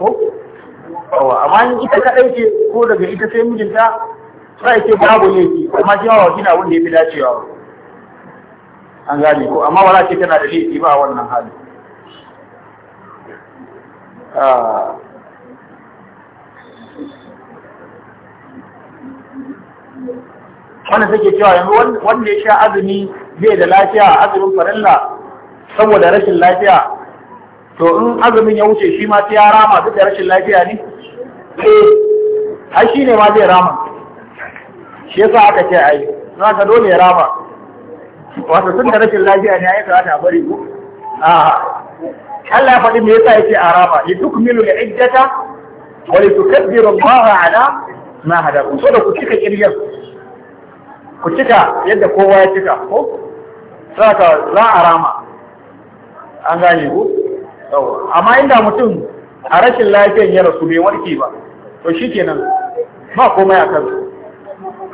ko amma in ita kaɗai ce ko daga ita sai mijinta sai ce babu laifi amma shi ma wakina wanda ya fi dacewa ba an gane ko amma wala ce tana da laifi ba wannan hali ah. wannan take cewa yanzu wanda ya sha azumi bai da lafiya azumin farilla saboda rashin lafiya to in azumin ya wuce shi ma ya rama duk da rashin lafiya ne eh ai shine ma zai rama shi yasa aka ce ai za ka dole ya rama wato sun da rashin lafiya ne ya kamata a bari ku Allah ya faɗi me yasa yake arama li tukmilu al-iddata wa li tukabbiru Allah ala ma hadakum so da ku cika kiryan ku cika yadda kowa ya cika ko saka za a rama an gane ku amma inda mutum a rashin lafiyan ya rasu bai warke ba to shikenan ba komai a kansu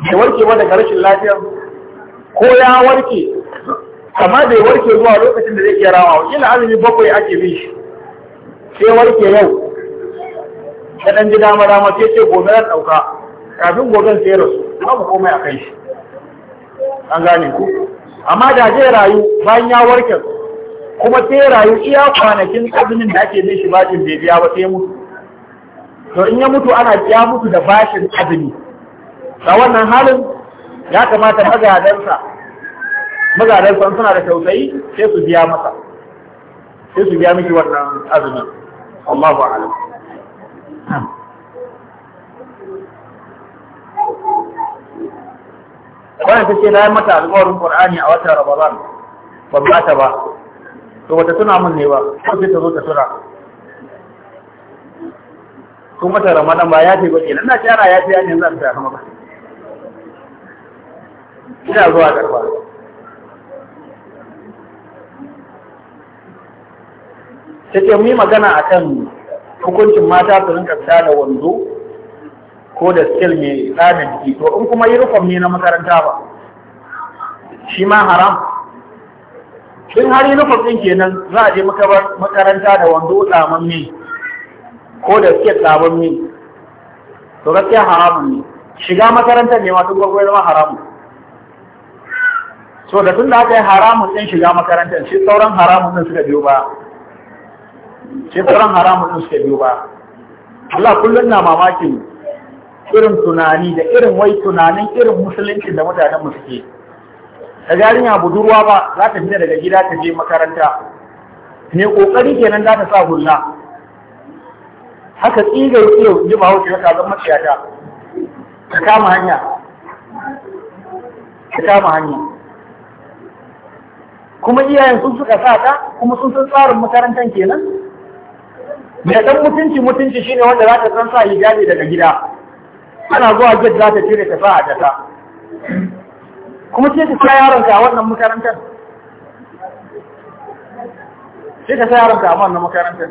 bai warke ba daga rashin lafiyan ko ya warke amma da ya warke zuwa lokacin da zai iya rawa kila azumi bakwai ake bin shi sai warke yau ta ɗan ji dama dama sai ce gobe na ɗauka kafin goben sai rasu babu komai a kai shi an gane ku amma da zai rayu bayan ya warke kuma sai rayu iya kwanakin azumin da ake bin shi bashin bai biya ba sai mutu to in ya mutu ana biya mutu da bashin azumi a wannan halin ya kamata magadansa magadansa suna da tausayi sai su biya masa sai su biya miki wannan azumin Allahu a'lam Wannan ta ce na yi mata alƙawarin Qur'ani a watan Ramadan ba ba ta ba to bata tuna mun ne ba ko sai ta zo ta tura kuma ta Ramadan ba ya ce ba kenan na ce ana ya ce an yanzu an tsaya kuma ba ina zuwa karba ta ce mu yi magana a kan hukuncin mata su rinka fita da wando ko da skill mai tsada jiki to in kuma yi rufon ne na makaranta ba shi ma haram in har yi rufam ɗin kenan za a je makaranta da wando ne ko da skill ne to gaskiya haramun ne shiga makarantar ne masu gwagwai zama haramun so da tun da aka yi haramun ɗin shiga makarantar shi sauran haramun ɗin suka biyo ba shi sauran haramun ɗin suka biyo ba Allah kullum na mamakin irin tunani da irin wai tunanin irin musulunci da mutanen mu suke da ya budurwa ba za ta fita daga gida ta je makaranta ne kokari kenan za ta sa hulla haka tsiga yau ji ba hauce ka zama ka kama hanya ka kama hanya kuma iyayen sun suka sa ta kuma sun san tsarin makarantar kenan mai dan mutunci mutunci shine wanda za ta san sa hijabi daga gida ana zuwa gate za ta cire ta sa a jaka kuma sai ta sa yaron ka a wannan makarantar sai ta sa yaron ka a wannan makarantar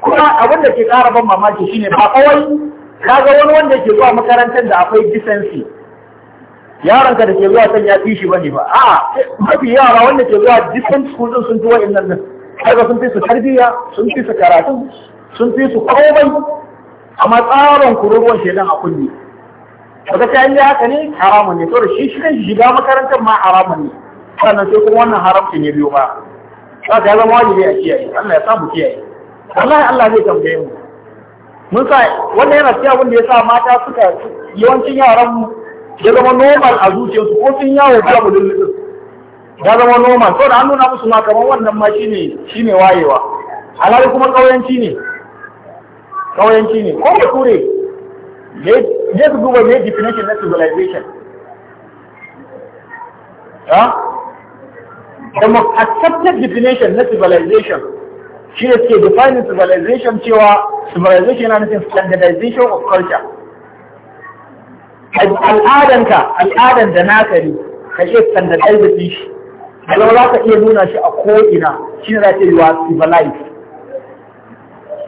kuma abin da ke kara ban mamaki shine ba kawai kaga wani wanda ke zuwa makarantar da akwai distance yaron ka da ke zuwa can ya fi shi bane ba a'a mafi yara wanda ke zuwa different schools sun fi wa'in nan kaga sun fi su tarbiyya sun fi su karatu sun fi su komai amma tsaron kururuwan shedan a kulli kaga ta yi haka ne haramun ne to shi shi kan shiga makarantar ma haramun ne sannan sai kuma wannan haramci ne biyo ba za ka ya zama wajibi a kiyaye Allah ya sa mu kiyaye wallahi Allah zai tambaye mu mun sa wannan yana cewa wanda ya sa mata suka yawancin yaran mu ya zama normal a zuciyarsu ko sun yawo ta mu lullubin ya zama normal ko da an nuna musu ma kamar wannan ma shine shine wayewa alhali kuma kauyanci ne kauyanci ne ko da kure ne su duba ne definition na civilization Da most accepted definition na civilization shi ne ke defining civilization cewa civilization yana nufin standardization of culture al'adanka al'adan da naka ne ka iya sandadar da shi zama za ka iya nuna shi a ko'ina shi ne za ta yi wa civilized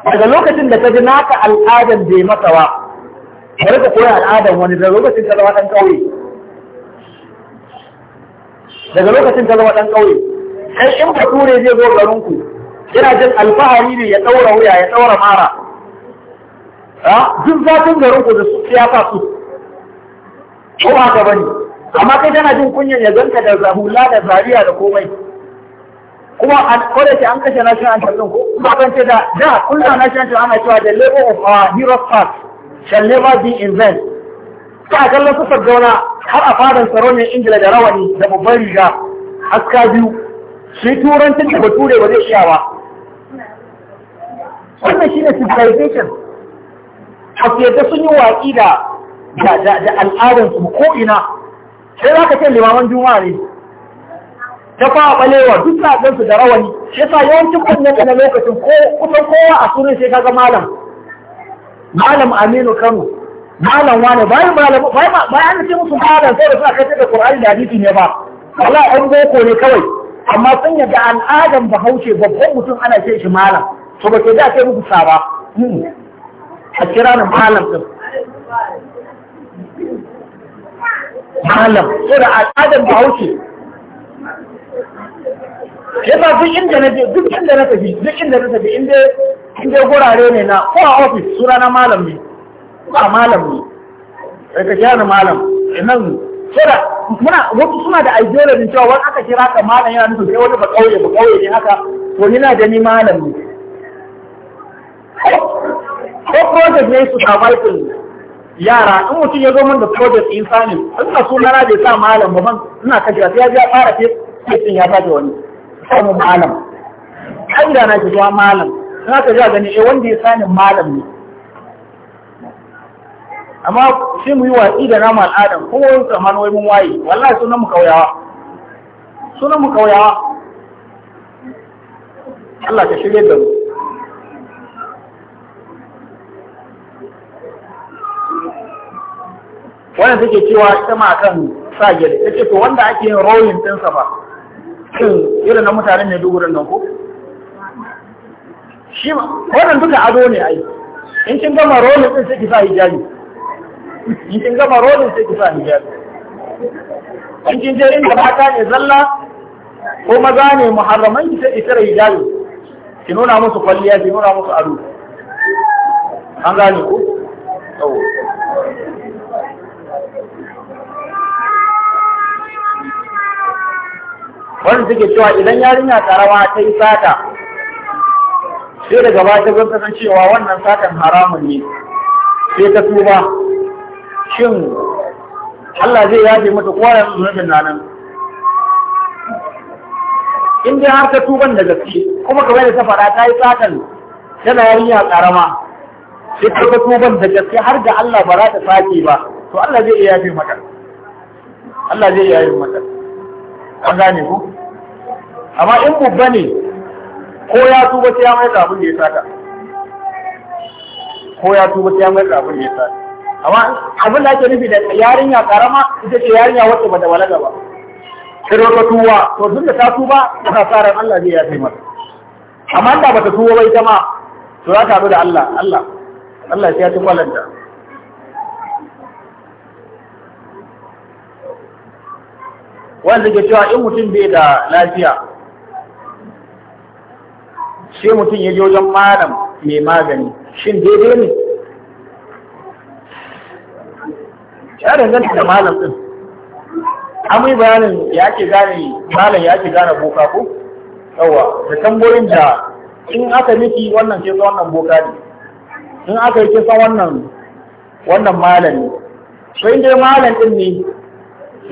daga lokacin da ka ji naka al'adan bai maka ba bari ka koya al'adan wani daga lokacin ka zama ɗan ƙauye daga lokacin ka zama ɗan ƙauye kai in bature zai zo garinku yana jin alfahari ne ya ɗaura wuya ya ɗaura mara duk zafin garinku da su ya sa su ko ba ka bane amma kai tana jin kunyan ya zanta da zahula da zariya da komai kuma an kore ce an kashe national anthem din ko ba kan ce da da kullum national anthem ana cewa the labor of our heroes past shall never be in vain ta kallon su sardauna har a fadan sarauniyar ingila da rawani da babban riga haska biyu shi turancin da bature ba zai iya ba wannan shine civilization a sun yi watsi da da al'adansu ko ina sai za ka ce limaman juma'a ne ta fara balewa duk ɗansu da rawani shi sa yawancin kunnan na lokacin kusan kowa a shi sai ga malam malam aminu kano malam wane bayan malam bayan ce musu malam sai da suna kai da qur'ani da hadisi ne ba wala an boko ne kawai amma sun yadda al'adan bahaushe babban mutum ana ce shi malam to ba ke da kai muku saba hmm. a kira ni malam din malam da al'adar bahaushe ba duk inda na je duk inda na tafi duk inda na tafi inda inda gurare ne na ko a ofis suna na malam ne ba malam ne sai ka kira malam eh, nan saboda muna wasu suna da ideology cewa wani aka kira ka malam yana nufin kai wani ba kauye ba kauye ne haka to ni na gani malam ne ko project ne su survival yara in mutum ya zo min da project insani in ka suna na bai sa malam ba ban ina kashi ya ya fara ke sai ya sake wani mu malam ai da na ji zuwa malam in aka ji gani eh wanda ya sani malam ne amma sai mu yi watsi da nama al'adan ko wani tsammanin wai mun waye wallahi sunan mu kauyawa sunan mu kauyawa Allah ka shirye da mu wannan take cewa ita ma kan sa gele ta ce to wanda ake yin rowing ɗinsa ba shin irin na mutanen ne dubu nan ko shi wannan duka ado ne ai in kin gama rolin din sai ki sa hijabi in kin gama rolin sai ki sa hijabi in kin je inda mata ne zalla ko maza ne muharraman ki sai ki tare hijabi ki nuna musu kwalliya ki nuna musu ado an gane ko yawa wanda suke cewa idan yarinya karawa ta yi sata sai daga baya ta san cewa wannan satan haramun ne sai ta tuba shin Allah zai yafe mata ko ya zunubin nan in dai har ta tuban da gaske kuma kamar da ta fara ta yi satan tana yarinya karama sai ta ga tuban da gaske har da Allah ba za ta sake ba to Allah zai iya yafe mata Allah zai iya yafe mata an gane ku amma in babba ne ko ya tuba sai ya mai da abin da ya sata ko ya tuba sai ya mai da abin da ya sata amma abin da ake nufi da yarinya karama ita ce yarinya wacce bata balaga ba sai ta tuwa to tun da ta tuba tana tsara, Allah zai yafe mata amma da bata tuba bai ma to za ta da Allah Allah Allah sai ya ci kwalanta wanda ke cewa in mutum bai da lafiya sai mutum ya je wajen malam mai magani shin daidai ne ya danganta da malam din an bayanin ya ke gane malam ya ke gane boka ko yawa da tamborin da in aka miki wannan ke wannan boka ne in aka yi kesa wannan wannan malami so in dai malam din ne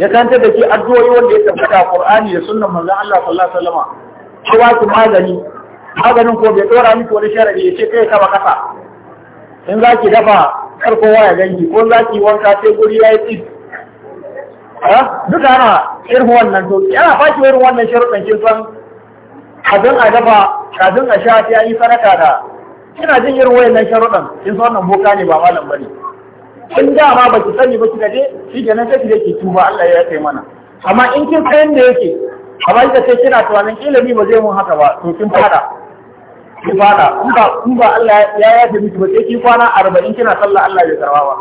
ya kanta da ke addu'o'i wanda ya tabbata Qur'ani da sunnan manzon Allah sallallahu alaihi wasallam cewa ki magani maganin ko bai dora miki wani sharadi ya ce kai kama kasa in za ki dafa kar kowa ya ganki ko za ki wanka sai guri ya yi tsit duka ana irin wannan to yana fashi irin wannan sharuɗan kin san abin a dafa abin a sha sai an yi sanaka da kina jin irin nan sharuɗan kin san wannan boka ne ba malam bane in da ma baki sani ba kika je shi kenan sai kike ki tuba Allah ya kai mana amma in kin san da yake amma kika ce kina tunanin ilimi ba zai mun haka ba to kin fara ki fada in ba in ba Allah ya ce miki ba sai ki kwana 40 kina sallah Allah ya karba ba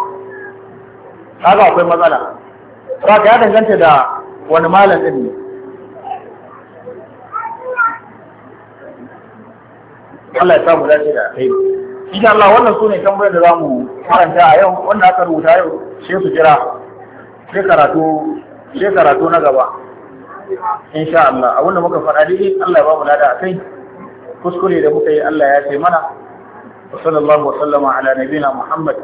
kaga akwai matsala ba ka ya danganta da wani malam din ne Allah ya mu dace da kai insha Allah wannan sune tambayar da zamu karanta a yau wanda aka rubuta yau sai su jira sai karatu sai karatu na gaba insha Allah abinda muka faɗa dai Allah ya ba mu lada a kai kuskure da muka yi Allah ya ce mana wa sallallahu wa ala nabina Muhammad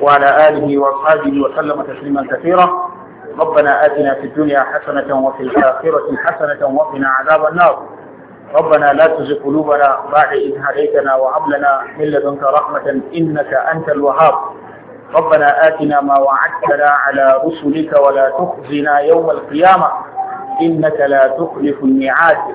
wa ala alihi wa sahbihi wa sallama tasliman kathira ربنا آتنا في الدنيا حسنة وفي الآخرة حسنة وقنا عذاب النار ربنا لا تزغ قلوبنا بعد إذ هديتنا وهب لنا من لدنك رحمة إنك أنت الوهاب ربنا آتنا ما وعدتنا على رسلك ولا تخزنا يوم القيامة إنك لا تخلف الميعاد